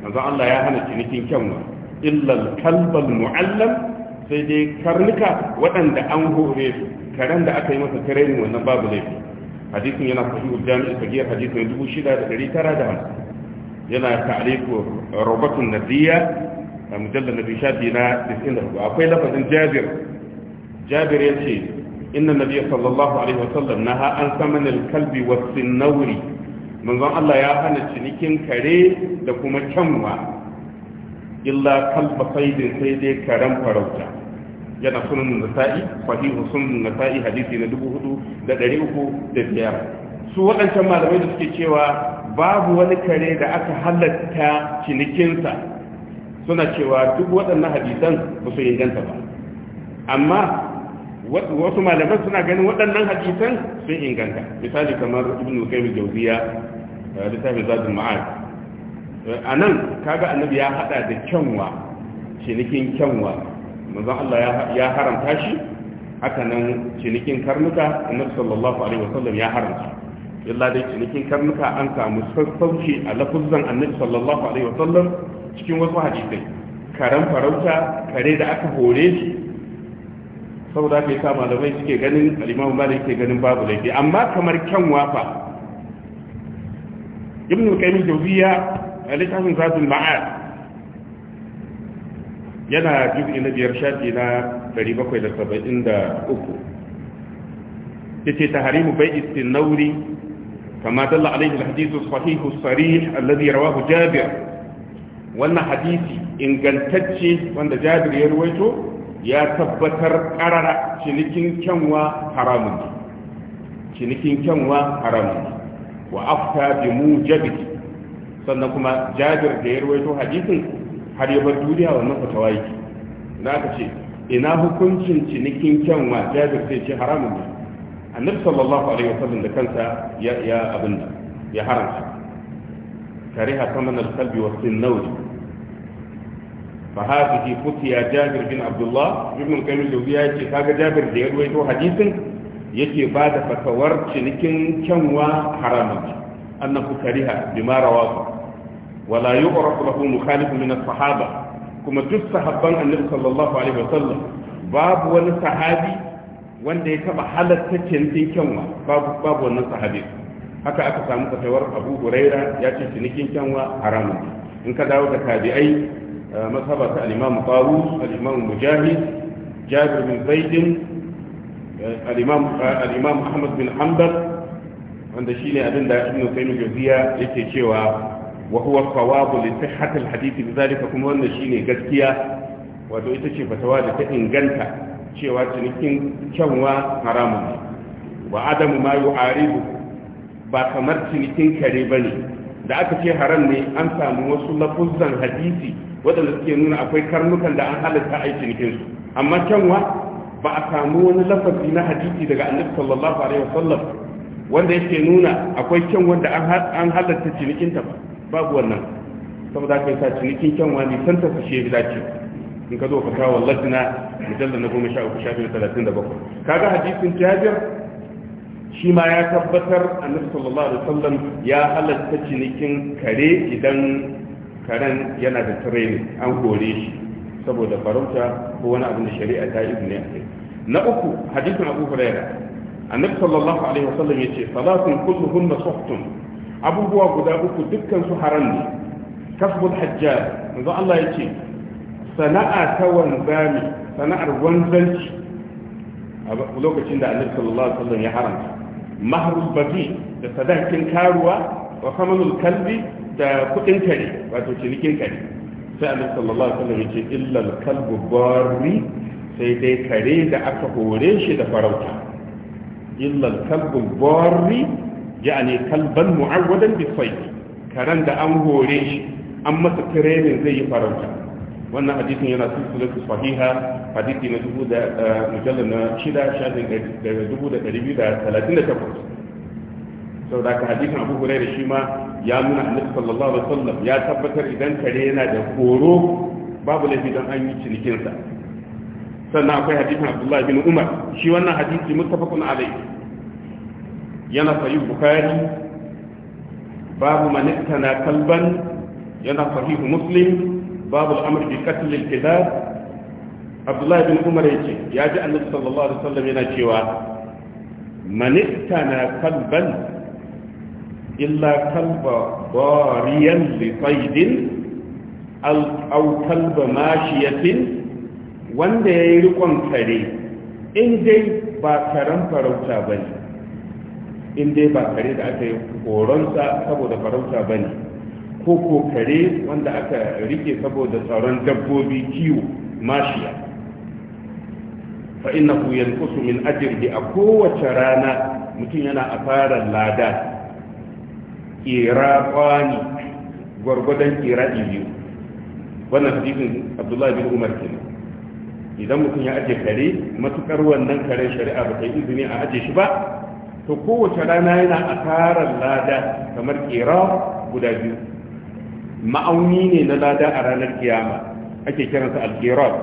S1: manzon Allah ya hana cinikin kyanwa illa al-kalbal mu'allam sai dai karnuka waɗanda an hore su karen da aka yi masa tirenin wannan babu laifi hadisin yana sahihu jami'in sagiyar hadisin dubu shida da ɗari tara da hamsin yana ta'aliku robatun nadiya a mujallar na shafi na 94 akwai lafazin jabir jabir ya ce inna nabi sallallahu alaihi wasallam naha an samanin kalbi wasu nauri manzon Allah ya hana cinikin kare da kuma kyanwa illa kalba saidin sai dai karen farauta yana sunan nasa'i sahihu sunan nasa'i hadisi na dubu hudu da ɗari uku da biyar su waɗancan malamai da suke cewa babu wani kare da aka halatta cinikinsa suna cewa duk waɗannan hadisan ba su inganta ba amma wasu malaman suna ganin waɗannan hadisan sun inganta misali kamar ibn al-qayyim eh, littafin zadul ma'ad eh, a nan kaga annabi ya hada da kyanwa cinikin kyanwa manzon Allah ya haramta shi haka nan cinikin karnuka annabi sallallahu alaihi wasallam ya haramta illa dai cinikin karnuka an samu sassauci a lafuzzan annabi sallallahu alaihi wasallam cikin wasu hadisai karen farauta kare da aka hore shi saboda haka sa malamai suke ganin al-Imam Malik ganin babu laifi amma kamar kyanwa fa Ibn Qayyim Jawziya a littafin Zadul Ma'ad yana juz'i na biyar shafi na 773 yace bai bai'is tinawri kama dalla alayhi alhadith as-sahih as-sarih alladhi rawahu jabir wannan hadisi ingantacce wanda jabir ya ruwaito ya tabbatar karara cinikin kyanwa haramun cinikin kyanwa haramun wa afta bi mujabi sannan kuma jabir da ya ruwaito hadisin har ya bar duniya wannan fatawa yake da aka ce ina hukuncin cinikin kyanwa jabir sai ce haramun ne annabi sallallahu alaihi wasallam da kansa ya ya abin da ya haramta kariha saman al-qalbi wa sinnawi fa hadhihi futiya jabir bin abdullah ibn al-qayyim al-jawziyya yace kaga jabir da ya ruwaito hadisin yake ba da fatawar cinikin kyanwa haramun annahu kariha bima rawahu wala yu'rafu lahu mukhalifun min as-sahaba kuma duk sahabban annabi sallallahu alaihi wasallam babu wani sahabi wanda ya taba halatta cinikin kyanwa babu babu wannan sahabi haka aka samu fatawar Abu Huraira ya ce cinikin kyanwa haramun in ka dawo da tabi'ai masaba ta al-Imam Qarus al-Imam Mujahid Jabir bin Zaid al-Imam al-Imam Ahmad bin Hanbal wanda shine abin da Ibn Qayyim Jawziya yake cewa wa huwa sawabu li sihhati alhadith bizalika kuma wannan shine gaskiya wato ita ce fatawa da ta inganta cewa cinikin kyanwa haramun ne wa adamu ma ba kamar cinikin kare bane da aka ce haram ne an samu wasu lafuzzan hadisi waɗanda suke nuna akwai karnukan da an halatta a cinikin su amma kyanwa ba a samu wani lafazi na hadisi daga annabi sallallahu wasallam wanda nuna akwai kyan wanda an halatta cinikinta ba babu wannan saboda aka yi sa cinikin kyanwa ne san tafi shi ya dace in ka zo ka kawo lajina mujalla na goma sha uku shafi talatin da bakwai kaga hadisin jabir shi ma ya tabbatar annabi sallallahu alaihi wasallam ya halatta cinikin kare idan karen yana da tireni an kore shi saboda farauta ko wani abin da shari'a ta yi izini a kai na uku hadisin abu hurairah annabi sallallahu alaihi wasallam yace salatun kulluhunna suhtun abubuwa guda uku dukkan su haram ne kasbul hajjaj manzo Allah ya ce sana'a ta wanzami sana'ar wanzanci a lokacin da annabi sallallahu alaihi wasallam ya haramta mahrul babi da sadakin karuwa wa samanul kalbi da kudin kare wato cinikin kare sai annabi sallallahu alaihi wasallam ya ce illal kalbu barri sai dai kare da aka hore shi da farauta Illal al kalbu barri yani kalban mu'awwadan bi sayf karan da an hore shi an masa training zai yi faranta. wannan hadisin yana silsilatu sahiha hadisi na dubu da mujallal na shida shafin daga dubu da ɗari biyu da talatin da takwas sau da ka hadisin abu huraira shi ma ya nuna annabi sallallahu alaihi wasallam ya tabbatar idan kare yana da horo babu laifi don an yi cinikinsa sannan akwai hadisin abdullahi bin umar shi wannan hadisi muttafaqun alaihi yana sahih bukhari babu manista na kalban yana sahih muslim babu al'amr bi qatl al abdullahi bin umar ya ce ya ji annabi sallallahu alaihi wasallam yana cewa manista na kalban illa kalba bariyan li au kalba mashiyatin wanda ya yi rikon kare in dai ba karan farauta ba ne. in dai ba kare da aka yi koronsa saboda farauta ba ne ko ko kare wanda aka rike saboda tsaron dabbobi kiwo mashiya fa innahu yanqusu min ajrihi a kowace rana mutum yana a fara lada kira kwani gwargwadon kira biyu wannan hadisin abdullahi bin umar kenan idan mutum ya aje kare matukar wannan kare shari'a ba ta yi izini a aje shi ba to kowace rana yana asarar lada kamar kera guda biyu ma'auni ne na lada a ranar kiyama ake kiransa al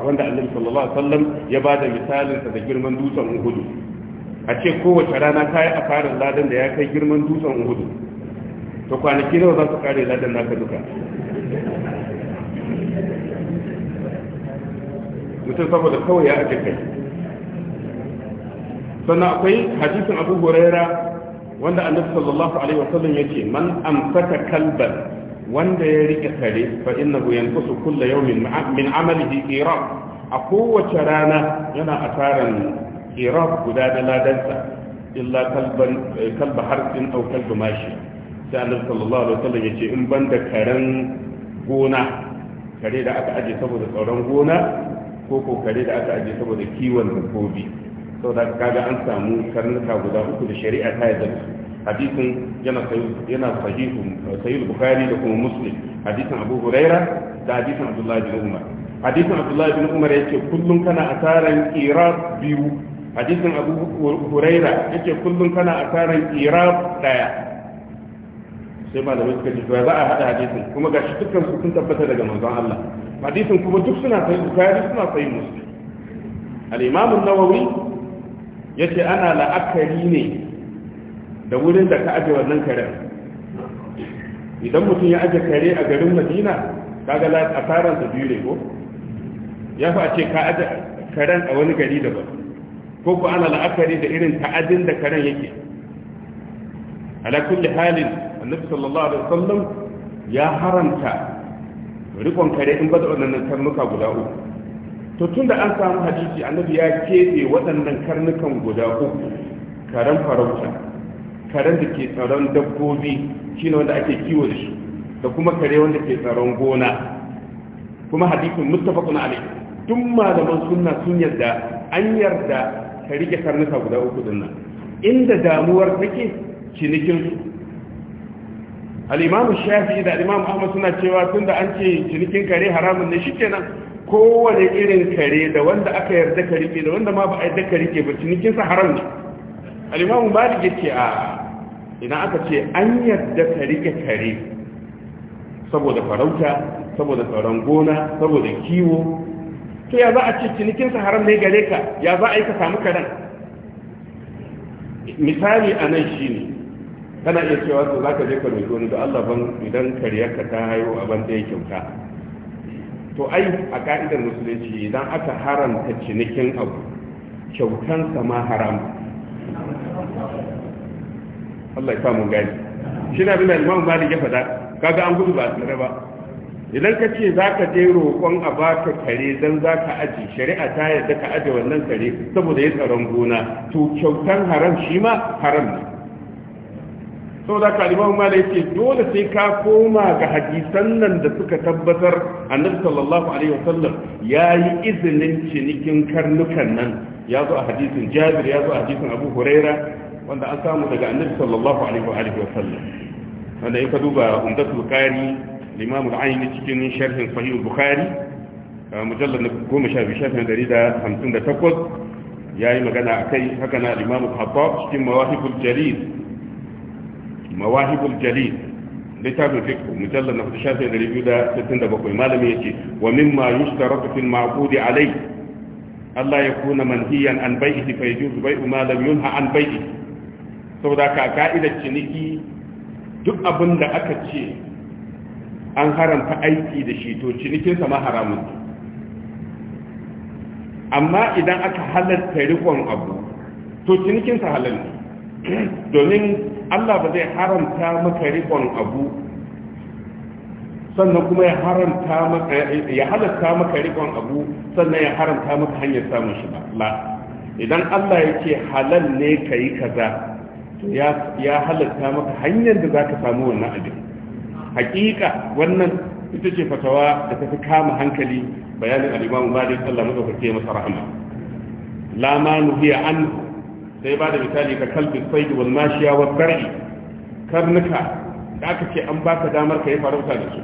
S1: wanda annabi sallallahu alaihi wasallam ya ba da misalin sa da girman dutsen uhudu a ce kowace rana yi a farin ladan da ya kai girman dutsen uhudu to kwanaki nawa za su kare ladan naka duka
S2: mutum saboda kawai ya ake
S1: kai sannan akwai hadisin abu huraira wanda annabi sallallahu alaihi wasallam yace man amsaka kalban wanda ya rike kare fa innahu yanqusu kulla yawmin min amalihi iraq a kowace rana yana asaran iraq guda da ladansa illa kalban eh, kalba harsin aw kalba mashi sai annabi sallallahu alaihi wasallam yace in ban da karen gona kare da aka aje saboda tsaron gona ko ko kare da aka aje saboda kiwon dabbobi sau da kaga an samu karnuka guda uku da shari'a ta yadda su hadisin yana sahihu bukhari da kuma muslim hadisin abu huraira da hadisin abdullahi bin umar hadisin abdullahi bin umar ya ce kullum kana asaran iraq biyu hadisin abu huraira ya ce kullum kana asaran iraq daya sai ba malamai suka ji za a haɗa hadisin kuma gashi dukkan su sun tabbata daga manzon Allah hadisin kuma duk suna sai bukhari suna sai muslim al-imam an-nawawi Ya ce ana la'akari ne da wurin da ka aje wannan karen idan mutum ya aje kare a garin madina kaga la asaran da biyu ne ko ya fa ce ka aje karen a wani gari daban ko ko ana la'akari da irin ta'adin da karen yake ala kulli halin annabi sallallahu alaihi wasallam ya haramta rikon kare in ba da wannan karnuka guda uku to tunda an samu hadisi annabi ya keɓe waɗannan karnukan guda uku karen farauta karen da ke tsaron dabbobi shine wanda ake kiwo da shi da kuma kare wanda ke tsaron gona kuma hadisin kuna alayh duk malaman sunna sun yarda an yarda ka rike karnuka guda uku din nan inda damuwar take cinikin su al-imam shafi da al-imam ahmad suna cewa tunda an ce cinikin kare haramun ne shikenan kowane irin kare da wanda aka yarda ka rike da wanda ma ba a yarda ka rike ba cinikin sa haram ne al-imamu malik yake a idan aka ce an yarda ka rike kare saboda farauta saboda tsaron gona saboda kiwo to ya za a ce cinikin sa haram ne gare ka ya za a yi ka samu karen misali a nan ne. kana iya cewa to zaka je ka mai wani da Allah ban idan kariyarka ta hayo a ban da kyauta to ai a ka'idar musulunci idan aka haramta cinikin abu kyautansa ma haram Allah ya samu gani shi na bin alimamu malik ya faɗa kaga an gudu ba a tsere ba idan ka ce za ka je roƙon a ba ka kare don za ka aji shari'a ta yadda ka aje wannan kare saboda ya tsaron gona to kyautan haram shi ma haram ne saboda ka alimamu mala ce dole sai ka koma ga hadisan nan da suka tabbatar annabi sallallahu alaihi wasallam ya yi izinin cinikin karnukan nan ya zo a hadisin jabir ya zo a hadisin abu huraira wanda an samu daga annabi sallallahu alaihi wasallam wanda in ka duba umdatul bukari limam al-ayn cikin sharhin sahih bukhari mujallad na 10 shafin dari da da takwas ya yi magana a kai haka na imam al-hattab cikin mawahibul jalil mawahibul jalil littafin fiqh mujallal na fita shafi da biyu da sittin da bakwai malami yace wa mimma yushtaratu fil ma'qudi alai Allah ya kuna manhiyan an bai'ihi fa yajuzu bai'u ma lam yunha an bai'ihi saboda ka ka'idar ciniki duk abin da aka ce an haramta aiki da shi to cinikinsa ma haramun amma idan aka halatta rikon abu to cinikinsa halal ne [CLEARS THROAT] domin Allah ba zai haramta maka rikon abu sannan kuma ya haramta maka ya halatta maka rikon abu sannan ya haramta maka hanyar samun shi ba la idan Allah ya ce halal ne ka yi kaza to ya halatta maka hanyar da za ka samu wannan abin hakika wannan ita ce fatawa da ta fi kama hankali bayanin al-Imam malik sallallahu alaihi masa la ma nuhiya anhu sai ba da misali ka kalbin saidi wal mashiya wal kar'i karnuka da aka ce an baka damar ka yi farauta da su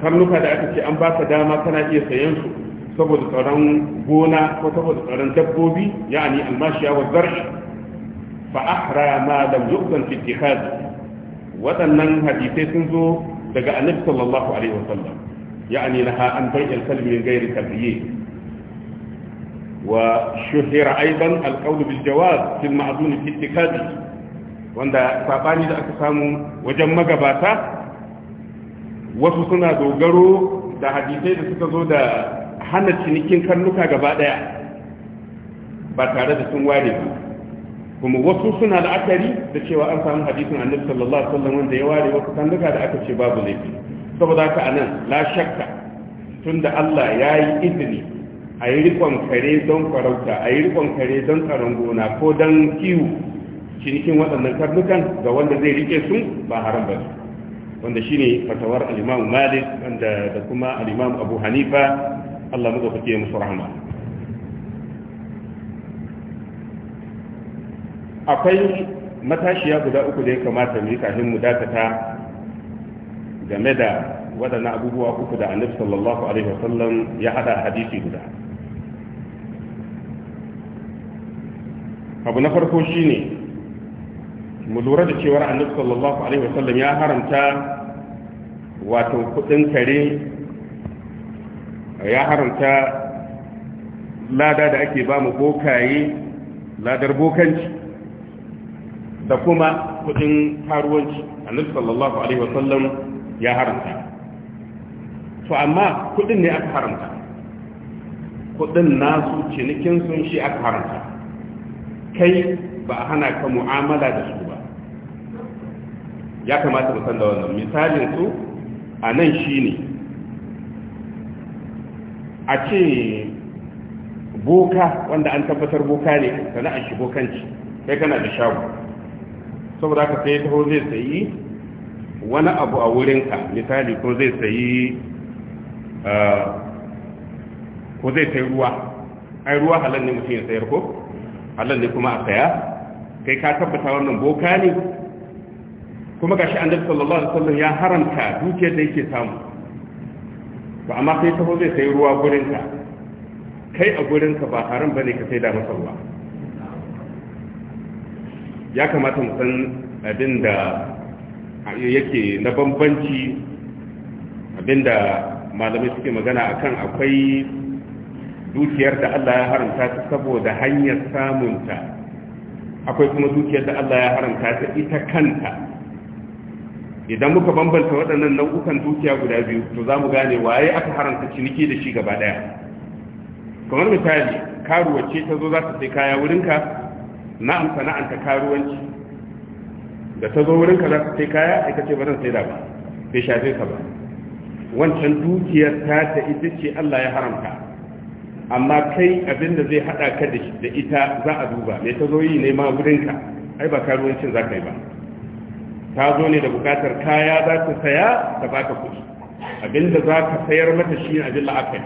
S1: karnuka da aka ce an baka dama kana iya sayan su saboda tsaron gona ko saboda tsaron dabbobi ya'ani al mashiya wal zar'i fa ahra ma lam yuqdan fi ittikhaz waɗannan hadisai sun zo daga annabi sallallahu alaihi wasallam ya'ani laha an bai'al kalbi min ghairi tabiyi وشهر أيضا القول بالجواز في المعدون في اتكاده wanda sabani da aka samu wajen magabata wasu suna dogaro da hadisai da suka zo da hana cinikin karnuka gaba daya ba tare da sun ware ba kuma wasu suna la'akari da cewa an samu hadisin annabi sallallahu alaihi wanda ya ware wasu karnuka da aka ce babu laifi saboda haka anan la shakka tunda Allah ya yi izini a yi rikon kare don farauta a yi rikon kare don tsaron gona ko don kiwo cinikin waɗannan karnukan ga wanda zai rike su ba haram ba su wanda shine fatawar alimamu Malik wanda da kuma alimamu Abu Hanifa Allah madaukake musu rahama akwai matashiya guda uku da ya kamata mu yi kafin mu dakata game da waɗannan abubuwa uku da Annabi sallallahu alaihi wasallam ya hada hadisi guda abu na farko shi ne mu lura da cewar annabi sallallahu alaihi wasallam ya haramta wato kudin kare ya haramta lada da ake ba mu bokaye ladar bokanci da kuma kudin karuwanci annabi sallallahu alaihi wasallam ya haramta to amma kudin ne aka haramta kudin nasu cinikin sun shi aka haramta kai ba a hana ka mu'amala da su ba ya kamata mu san da wannan misalin su a nan shi ne a ce boka wanda an tabbatar boka ne sana'ar shi bokanci kai kana da shago saboda ka sai taho zai sayi wani abu a wurinka misali ko zai sayi eh, ko zai sayi ruwa ai ruwa halar ne mutum ya sayar ko Allah ne kuma a saya kai ka tabbata wannan boka ne kuma gashi annabi sallallahu alaihi wasallam ya haramta dukiyar da yake samu to amma sai taho zai sayi ruwa gurin ka kai a gurin ka ba haram bane ka sai da masa ya kamata mu san abin da yake na bambanci abin da malamai suke magana akan akwai dukiyar da Allah ya haramta ta saboda hanyar samunta akwai kuma dukiyar da Allah ya haramta ta ita kanta idan muka bambanta waɗannan nau'ukan dukiya guda biyu to za mu gane waye aka haramta ciniki da shi gaba ɗaya kamar misali karuwa ce ta zo za ta sai kaya wurinka na'am sana'anta karuwanci da ta zo wurinka za ta sai kaya ita ce ba zan sai da ba bai shafe ka ba wancan dukiyar ta ta ita ce Allah ya haramta amma kai abin da zai hada ka da ita za a duba mai ta zo yi ne ma gudunka ai ba karuwancin za ka yi ba ta zo ne da bukatar kaya za ta saya ta baka kuɗi abin da za ka sayar mata shi ne abin la'akari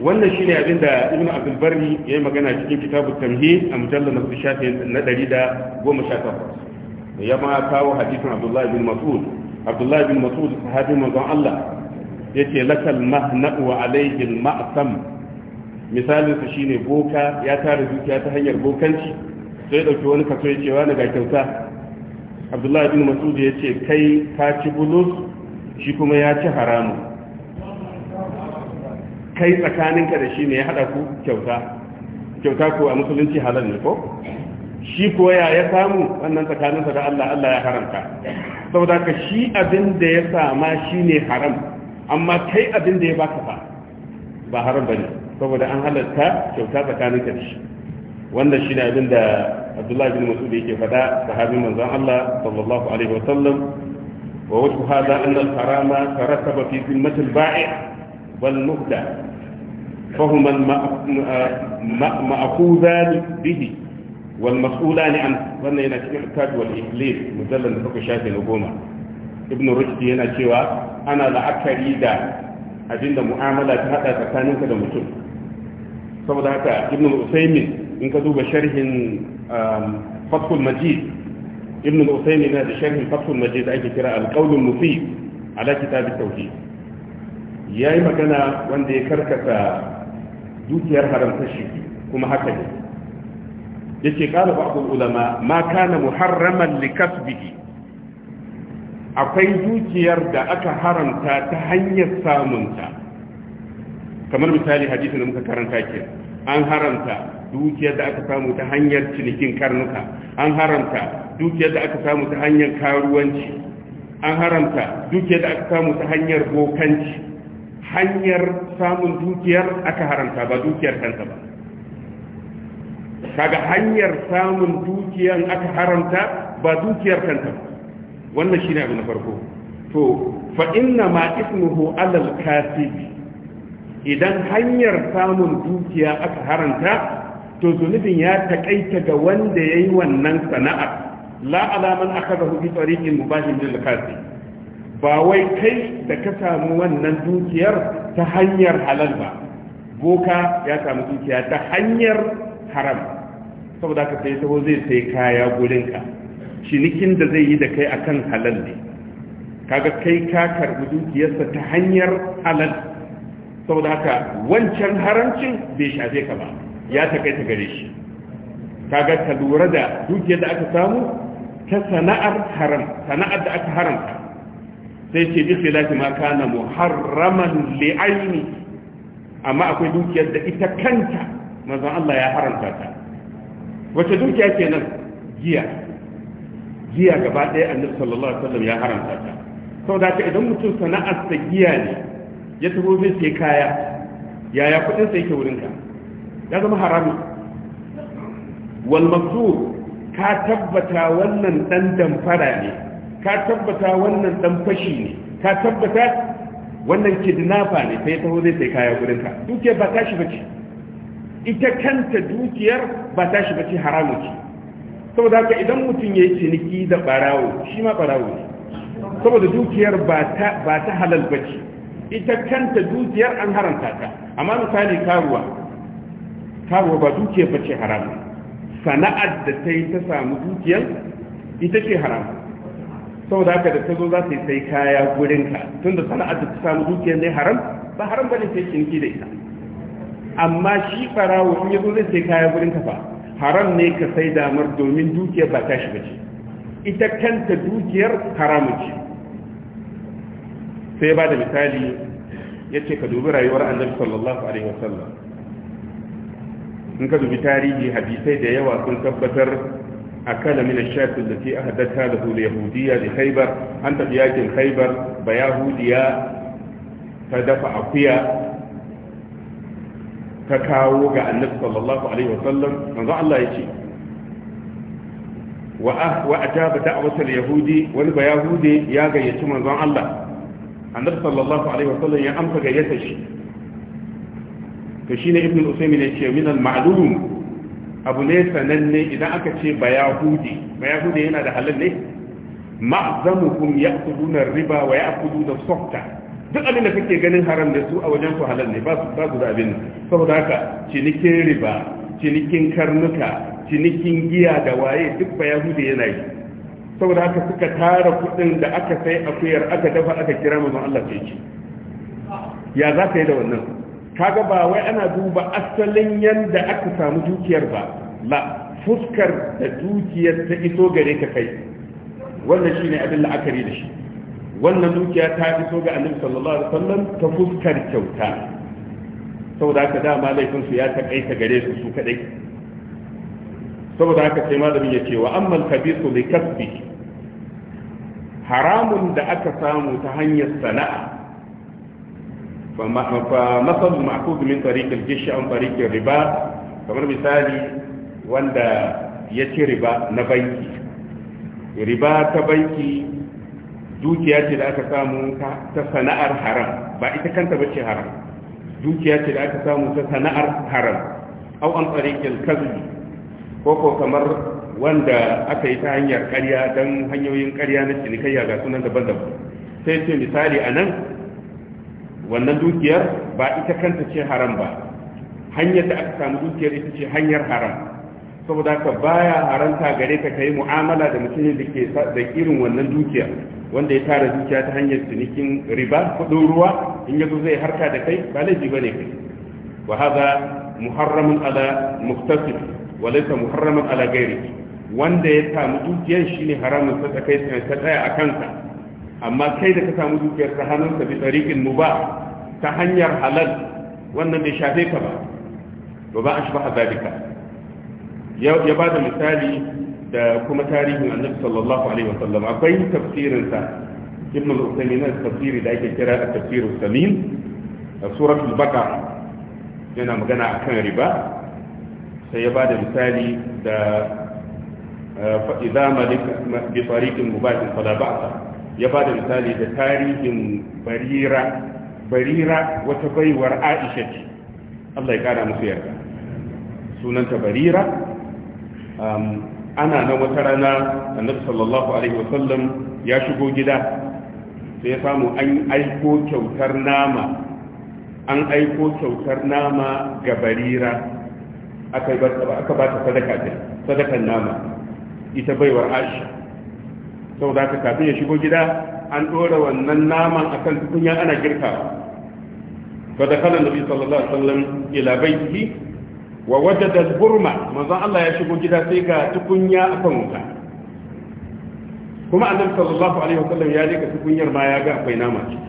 S1: wannan shi ne abin da ibn abdulbari ya yi magana cikin kitabu tamhi a mujallar na shafi na ɗari da goma sha takwas ya ma kawo hadisin abdullahi bin mas'ud abdullahi bin mas'ud sahabi manzon allah yace lakal mahna'u wa al-ma'sam misalin su shine boka ya tara dukiya ta hanyar bokanci sai dauki wani kaso ya ce wani ga kyauta abdullahi bin masud ya ce kai ka ci bulus shi kuma ya ci haramu kai tsakaninka da shi ne ya hada ku kyauta kyauta ko a musulunci halal ne ko shi ko ya ya samu wannan tsakaninsa da Allah Allah ya haramta saboda ka shi abin da ya sama shi ne haram amma kai abin da ya baka ba ba haram bane saboda an halatta kyauta tsakanin ka shi wannan shine abin da Abdullahi bin Mas'ud yake faɗa sahabin manzan Allah sallallahu alaihi wa sallam wa wajhu hadha anna al-harama tarataba fi zimmati al-ba'i' wal mubda فهما المأخوذان به ne an wannan yana cikin al-kad wal ihlil mujallal da kuka shafe na goma ibnu rushd yana cewa ana la'akari da abinda mu'amala ta hada tsakaninka da mutum saboda haka ibn usaymin in ka duba sharhin um, fathul majid ibn usaymin na da sharhin fathul majid da ake kira alqaulul mufid ala kitab tauhid yayi magana wanda ya karkata dukiyar haramtashi kuma haka ne yace qala ba'dul ulama ma kana muharraman likasbihi akwai dukiyar da aka haramta ta hanyar samunta kamar misali hadisin da muka karanta ke an haramta dukiyar da aka samu ta hanyar cinikin karnuka an haramta dukiyar da aka samu ta hanyar karuwanci an haramta dukiyar da aka samu ta hanyar bokanci hanyar samun dukiyar aka haramta ba dukiyar kanta ba kaga hanyar samun dukiyar aka haramta ba dukiyar kanta ba wannan shine abu na farko to fa inna ma ismuhu alal kasibi idan hanyar samun dukiya aka haranta to zunubin ya takaita ga wanda ya yi wannan sana'a la alaman aka zahu bi tsarikin mubahin lil kasi ba wai kai da ka samu wannan dukiyar ta hanyar halal ba boka ya samu dukiya ta hanyar haram saboda ka sai taho zai sai kaya gurinka cinikin da zai yi da kai akan halal ne kaga kai ka karbi dukiyarsa ta hanyar halal saboda haka wancan harancin bai shafe ka ba ya takaita gare shi kaga ka lura da dukiyar da aka samu ta sana'ar haram sana'ar da aka haramta sai ce bi khilafi ma kana muharraman li aini amma akwai dukiyar da ita kanta manzon Allah ya haramta ta wace dukiya kenan giya giya gaba ɗaya annabi sallallahu alaihi wasallam ya haramta ta saboda haka idan mutum sana'ar ta giya ne ya taho zai sai kaya yaya kudin sa yake wurinka ya zama haramun wal mabzur ka tabbata wannan dan damfara ne ka tabbata wannan dan fashi ne ka tabbata wannan kidnapper ne sai taho zai sai kaya ka dukiyar ba tashi bace ita kanta dukiyar ba tashi bace haramu ce saboda haka idan mutum ya yi ciniki da barawo shi ma barawo ne saboda dukiyar ba ta halal bace ita kanta dukiyar an haranta ta amma misali karuwa karuwa ba dukiya ba ce haram sana'ar da ta yi ta samu dukiyar ita ce haram saboda haka da ta zo za ta yi sai kaya gurinka tun da sana'ar da ta samu dukiyar ne haram ba haram ba ne sai ciniki da ita amma shi farawo in yazo zai sai kaya gurinka fa haram ne ka sai damar domin dukiyar ba ta shi ba ce ita kanta dukiyar haramun ce sai ba da misali ya ce ka dubi rayuwar annabi sallallahu alaihi wasallam in ka dubi tarihi hadisai da yawa sun tabbatar a kala min shafin da ke ahadata da hulu yahudiya da haibar an tafi yakin haibar ba yahudiya ta dafa akuya ta kawo ga annabi sallallahu alaihi wasallam manzo Allah ya ce wa ah wa ajaba da'watul yahudi wani ba yahudi ya gayyaci manzon Allah annabi sallallahu alaihi wasallam ya amsa gayyata shi to ne ibn usaymin yace min al-ma'lum abu ne sananne idan aka ce bayahudi bayahudi yana da halal ne ma'zamukum ya'kuluna riba wa ya'kuluna sokta duk abin da kake ganin haram da su a wajen ku halal ne ba su ba su da abin saboda haka cinikin riba cinikin karnuka cinikin giya da waye duk bayahudi yana yi saboda haka suka tara kudin da aka sai akuyar aka dafa aka kira manzon Allah sai ci ya za ka yi da wannan kaga ba wai ana duba asalin yanda aka samu dukiyar ba la fuskar da dukiyar ta iso gare ka kai wannan ne abin la'akari da shi wannan dukiya ta iso ga annabi sallallahu alaihi wasallam ta fuskar kyauta saboda haka dama laifin su ya ta gare su su kadai saboda haka sai malamin ya ce wa ammal kabisu li kasbi haramun da aka samu ta hanyar sana'a fa masal ma'khudh min tariq al-gish an tariq riba kamar misali wanda ya ci riba na banki riba ta banki dukiya ce da aka samu ta sana'ar haram ba ita kanta ba ce haram dukiya ce da aka samu ta sana'ar haram au an tariq al-kasbi koko kamar wanda aka yi ta hanyar karya don hanyoyin karya na cinikayya ga sunan daban-daban sai ce misali a nan wannan dukiyar ba ita kanta ce haram ba hanyar da aka samu dukiyar ita ce hanyar haram saboda ka baya haranta gare ka kai mu'amala da mutumin da ke da irin wannan dukiya wanda ya tara dukiya ta hanyar cinikin riba kudin ruwa in yazo zai harka da kai ba laifi bane kai wa muharramun ala muftasib Walaita muharraman ala wanda ya samu dukiyar shine haramun sa ta kai ta tsaya a kansa amma kai da ka samu dukiyar ta hannunsa bi tariqin ba ta hanyar halal wannan bai shafe ka ba ba ba ashbaha zalika ya ba da misali da kuma tarihin annabi sallallahu alaihi wasallam akwai tafsirin sa ibn al-usaymin tafsiri da ake kira tafsirus samin a suratul baqara yana magana akan riba sai ya ba da misali da eh, fa'iza malik bi tariqin mubahin fala ya ba da misali da tarihin barira barira wata baiwar aisha ce Allah ya kara musu yarda sunanta barira ana na wata rana annabi sallallahu alaihi wasallam ya shigo gida sai ya samu an aiko kyautar nama an aiko kyautar nama ga barira aka yi ba aka ba ta sadaka ta sadakan nama ita baiwar Aisha Sau da aka kafin ya shigo gida an ɗora wannan naman akan tukunya ana girka girkawa fa dakala nabi sallallahu alaihi wasallam ila ciki wa wadda al-burma manzo Allah ya shigo gida sai ga tukunya akan wuta kuma annabi sallallahu alaihi wasallam ya je ka tukunyar ma ya ga akwai nama ciki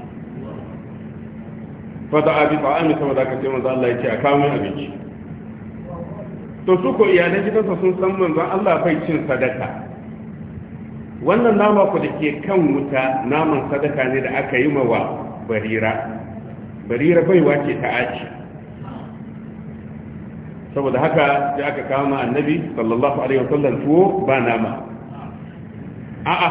S1: fa da abi ta'ami saboda haka sai manzo Allah ya ce a kawo abinci to su ko iyalan gidansa sun san manzon Allah bai cin sadaka wannan nama ku da ke kan wuta naman sadaka ne da aka yi mawa barira barira bai wace ta aji saboda haka da aka kawo ma annabi sallallahu alaihi wasallam tuwo ba nama a'a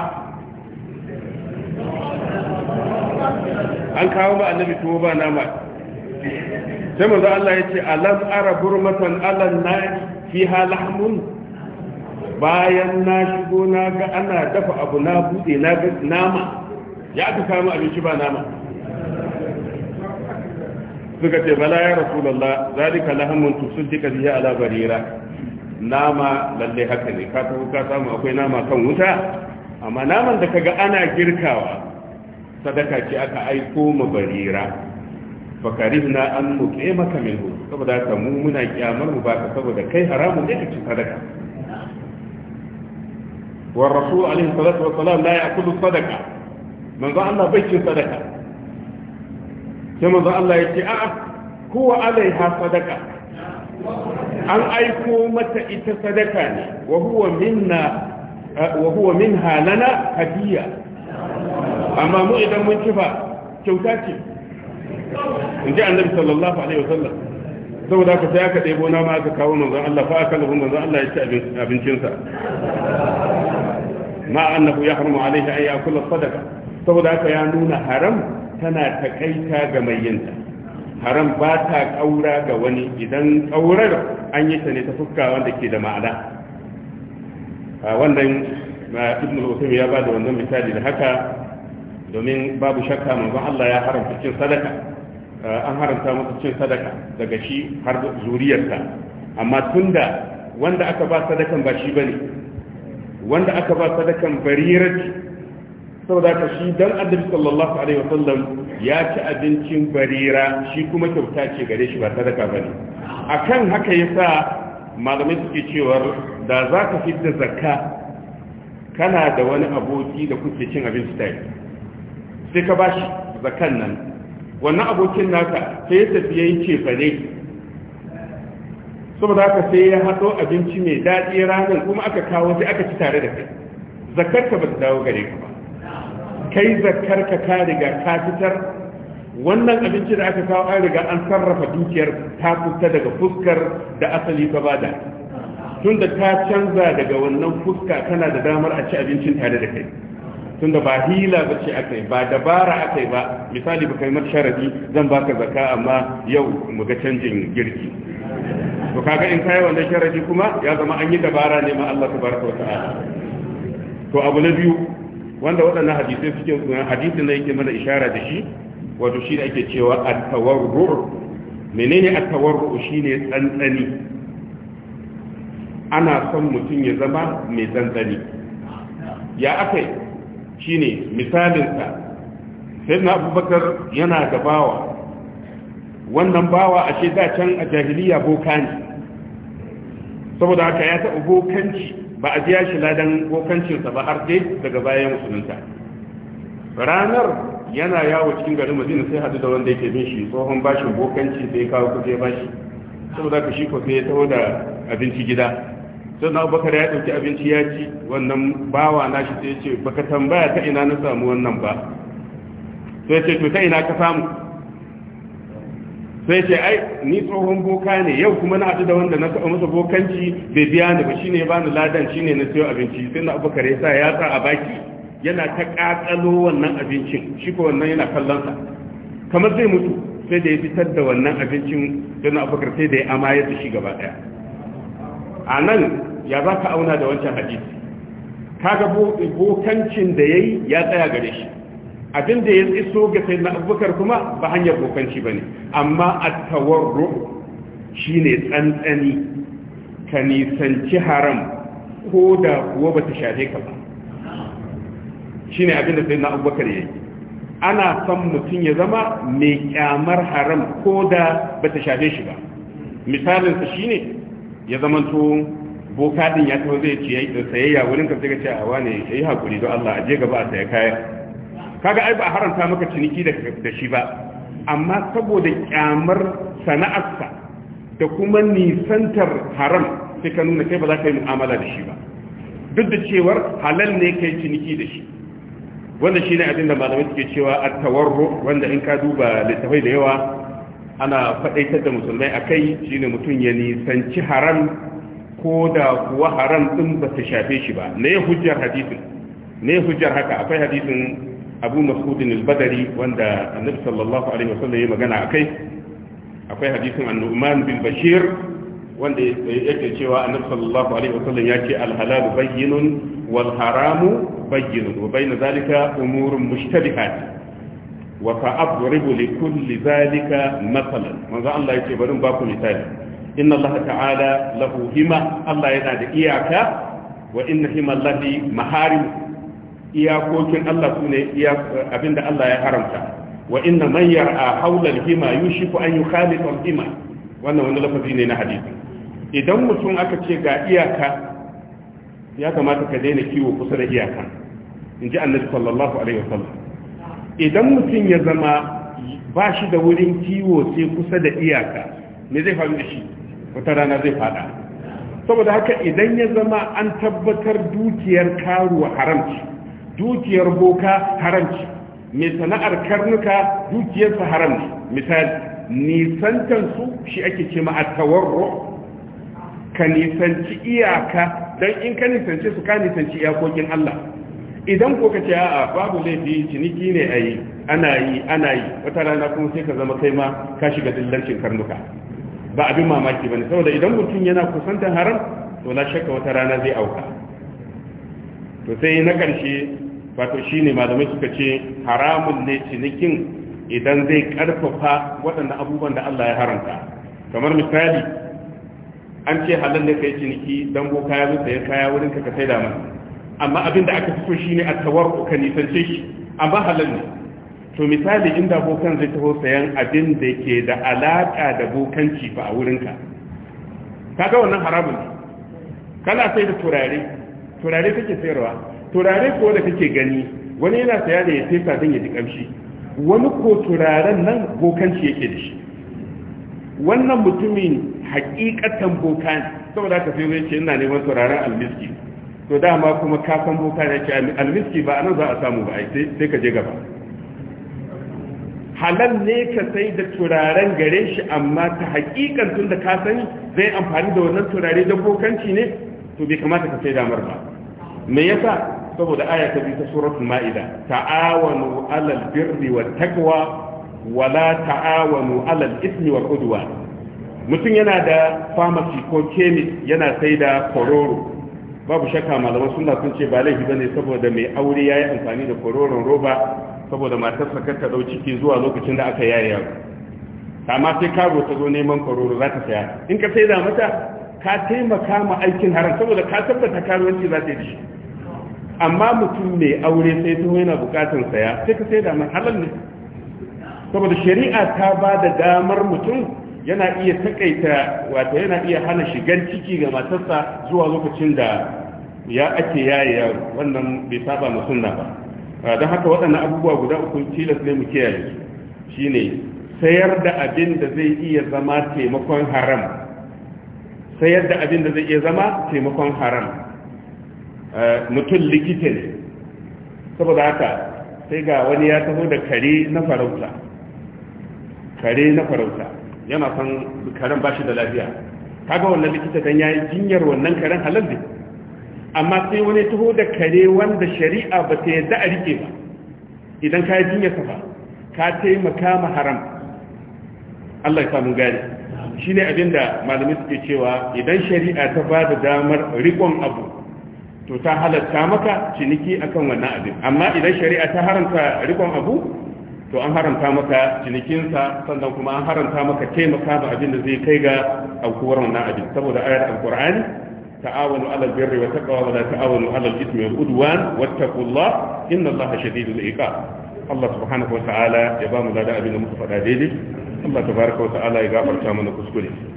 S1: an kawo ma annabi tuwo ba nama sai manzo Allah ya ce alam ara burmatan alan na fiha lahmun bayan na shigo na ga ana dafa abu na bude na ga nama ya aka samu abinci ba nama
S2: suka ce bala ya rasulullah zalika lahmun
S1: tusaddika bihi ala barira nama lalle haka ne ka tafi ka samu akwai nama kan wuta amma naman da kaga ana girkawa sadaka ce aka aiko ma barira fakarihna an mutse maka minhu saboda haka mu muna kiyamar mu baka saboda kai haramun ne ka ci sadaka wa rasul alaihi salatu wa salam la ya'kulu sadaka manzo Allah bai ci sadaka sai manzo Allah ya ce a'a huwa alaiha sadaka an aiko mata ita sadaka ne wa huwa minna wa huwa minha lana hadiya amma mu idan mun ci kyauta ce in ji annabi sallallahu alaihi wasallam saboda haka sai aka ɗebo nama aka kawo manzon Allah fa aka lahu manzon Allah ya ci abincinsa ma annahu yahrumu alaihi ay yakula sadaqa saboda haka ya nuna haram tana takaita ga mai yinta. haram ba ta kaura ga wani idan kaurar an yi ta ne ta fuska wanda ke da ma'ana wannan ibn al-usaimi ya ba da wannan misali da haka domin babu shakka manzon Allah ya haramta cin sadaka Eh, an haramta musu cin sadaka daga shi har zuriyarsa amma tunda wanda aka ba sadakan ba shi bane wanda aka ba sadakan barirati saboda ka shi dan annabi sallallahu alaihi wasallam ya ci abincin barira shi kuma kyauta ce gare shi ba sadaka bane akan haka yasa malamai suke cewa da za ka fidda zakka kana da wani aboki da kuke cin abinci tare sai ka bashi zakkan nan wannan abokin naka sai ya tafi yayin cefane saboda haka sai ya hato abinci mai daɗi ranar kuma aka kawo sai aka ci tare da kai zakarka ba ta dawo gare ka ba kai zakarka ka riga ka fitar wannan abinci da aka kawo an riga an sarrafa dukiyar ta fita daga fuskar da asali ka bada
S2: tun da ta
S1: canza daga wannan fuska kana da damar a ci abincin tare da kai tunda ba hila ba ce aka yi ba dabara aka yi ba misali ba kai sharadi zan baka zaka amma yau mu ga canjin girki to kaga in kai wannan sharadi kuma ya zama an yi dabara ne ma Allah tabaraka wa ta'ala to abu na biyu wanda waɗannan hadisai suke hadisin da yake mana ishara da shi wato shi da ake cewa at-tawarrur menene at-tawarrur shine tsantsani ana son mutum ya zama mai tsantsani ya akai shine misalinsa sai na abubakar yana da bawa wannan bawa a ce can a jahiliya boka ne saboda haka ya taɓa bokanci ba a biya shi ladan bokancinsa ba har dai daga bayan musulunta ranar yana yawo cikin garin madina sai hadu da wanda yake bin shi tsohon bashin bokanci sai kawo kuje bashi saboda haka shi ko sai ya taho da abinci gida sai na abubakar ya ɗauki abinci ya ci wannan bawa na shi sai ce baka tambaya ta ina na samu wannan ba sai ce to ta ina ka samu sai ce ai ni tsohon boka ne yau kuma na haɗu da wanda na taɓa masa bokanci bai biya ni ba shine ya bani ladan shine na siyo abinci sai na abubakar ya sa ya sa a baki yana ta ƙaƙalo wannan abincin shi ko wannan yana kallon sa kamar zai mutu sai da ya fitar da wannan abincin sai na abubakar sai da ya amaye su shi gaba ɗaya a nan ya za ka auna da wancan hadisi kaga bokancin da ya yi ya tsaya gare shi abin da ya iso ga sai na abubakar kuma ba hanyar bokanci ba ne amma a tawarro shi ne tsantsani ka nisanci haram ko da kuwa ba ta shafe ka ba shi ne abin da sai na abubakar ya yi ana son mutum ya zama mai kyamar haram ko da ba ta shafe shi ba misalinsa shi ne ya zamanto boka din ya taho zai ce sayayya wurin ka sai ka ce a wane yayi hakuri don Allah aje gaba a saya kaya kaga ai ba haranta maka ciniki da shi ba amma saboda kyamar sana'arsa da kuma nisantar haram sai ka nuna kai ba za ka yi mu'amala da shi ba duk da cewar halal ne kai ciniki da shi wanda shine abin da malamai suke cewa at-tawarru wanda in ka duba littafai da yawa ana faɗaitar da musulmai a kai shine mutum ya nisanci haram ko da kuwa haram ɗin ba ta shafe shi ba ne hujjar hadisin ne hujjar haka akwai hadisin abu masudin al-badari wanda annabi sallallahu alaihi wasallam ya magana a kai akwai hadisin an annu'man bin bashir wanda yake cewa annabi sallallahu alaihi wasallam ya ce al-halal bayyinun wal haramu bayyinun wa bayna zalika umurun mushtabihat wa sa'adribu li kulli zalika masalan manzo Allah yake bari ba baku misali inna Allah ta'ala lahu hima Allah yana da iyaka wa inna hima Allahi maharim iyakokin Allah sune abinda Allah ya haramta wa inna man yar'a hawla hima yushiku an yukhalita hima wannan wani lafazi ne na hadisi idan mutum aka ce ga iyaka ya kamata ka daina kiwo kusa da iyaka in ji annabi sallallahu alaihi wasallam
S2: idan mutum ya
S1: zama ba shi da wurin kiwo sai kusa da iyaka ne zai faru da shi wata rana zai fada saboda haka idan ya zama an tabbatar dukiyar karuwa haramci dukiyar boka haramci mai sana'ar karnuka dukiyarsa haramci misali nisantansu shi ake ce ma'attawarro ka nisanci iyaka don in ka nisance su ka nisanci iyakokin Allah idan ko ka ce a'a babu laifi ciniki ne a yi ana yi ana yi wata rana kuma sai ka zama kai ma ka shiga dillancin karnuka ba abin mamaki ba ne saboda idan mutum yana kusantar haram to na shakka wata rana zai auka to sai na karshe wato ne malamai suka ce haramun ne cinikin idan zai karfafa waɗanda abubuwan da Allah ya haramta kamar misali an ce halal ne kai ciniki dan boka ya zo sayan kaya wurin ka ka saida masa amma abin da aka fito shine a tawar ka nisance shi amma halal ne to misali inda bokan zai taho sayan abin da ke da alaka da bokanci ba a wurinka kaga wannan haramun ne kana sai da turare turare kake sayarwa turare ko da kake gani wani yana saya da ya sai sa ya ji kamshi wani ko turaren nan bokanci yake da shi wannan mutumin hakikatan boka saboda ka sai zai ce ina neman turaren almiski to dama kuma ka san boka ya ce almiski ba anan za a samu ba sai ka je gaba halal ne ka sai da turaren gare shi amma ta hakikan tun da ka sani zai amfani da wannan turare da bokanci ne to bai kamata ka sai damar ba me yasa saboda aya ta biyu ta suratul ma'ida ta'awanu alal birri wat taqwa wala ta'awanu alal ismi wal mutum yana da pharmacy ko chemist yana sai da kororo babu shakka malaman suna sun ce ba laifi bane saboda mai aure yayi amfani da kororon roba saboda matar sa ta dau ciki zuwa lokacin da aka yaye yaro amma sai karo ta zo neman kororo za ta saya in ka sai da mata ka taimaka ma aikin haram saboda ka tabbata karuwanci za ta yi amma mutum mai aure sai ta yana bukatar saya sai ka sai da mata halal ne saboda shari'a ta ba da damar mutum yana iya takaita wata yana iya hana shigan ciki ga matarsa zuwa lokacin da ya ake yaya wannan bai saba ma sunna ba ah, don haka waɗannan abubuwa guda uku tilas ne mu kiyaye shine sayar da abin da zai iya zama taimakon haram sayar da abin da zai iya zama taimakon haram ah, mutum likita ne saboda haka sai ga wani ya taho da kare na farauta kare na farauta yana san karen bashi da lafiya kaga wannan likita dan yayi jinyar wannan karen halal ne amma sai wani tuho da kare wanda shari'a ba ta yadda a rike ba idan ka yi jinyar ka ba ka taimaka ma haram Allah ya samu gari shine abin da malami suke cewa idan shari'a ta ba da damar rikon abu to ta halatta maka ciniki akan wannan abin amma idan shari'a ta haramta rikon abu to an haramta maka cinikinsa sannan kuma an haramta maka taimaka ma abin da zai kai ga aukuwar wannan abin saboda ayar alkur'ani ta'awanu 'alal birri wa taqwa wa la ta'awanu 'alal ithmi wal udwan wattaqullaha inna allaha shadidul iqab Allah subhanahu wa ta'ala ya ba mu ladan abin da muka faɗa daidai Allah tabaraka wa ta'ala ya gafarta mana kuskure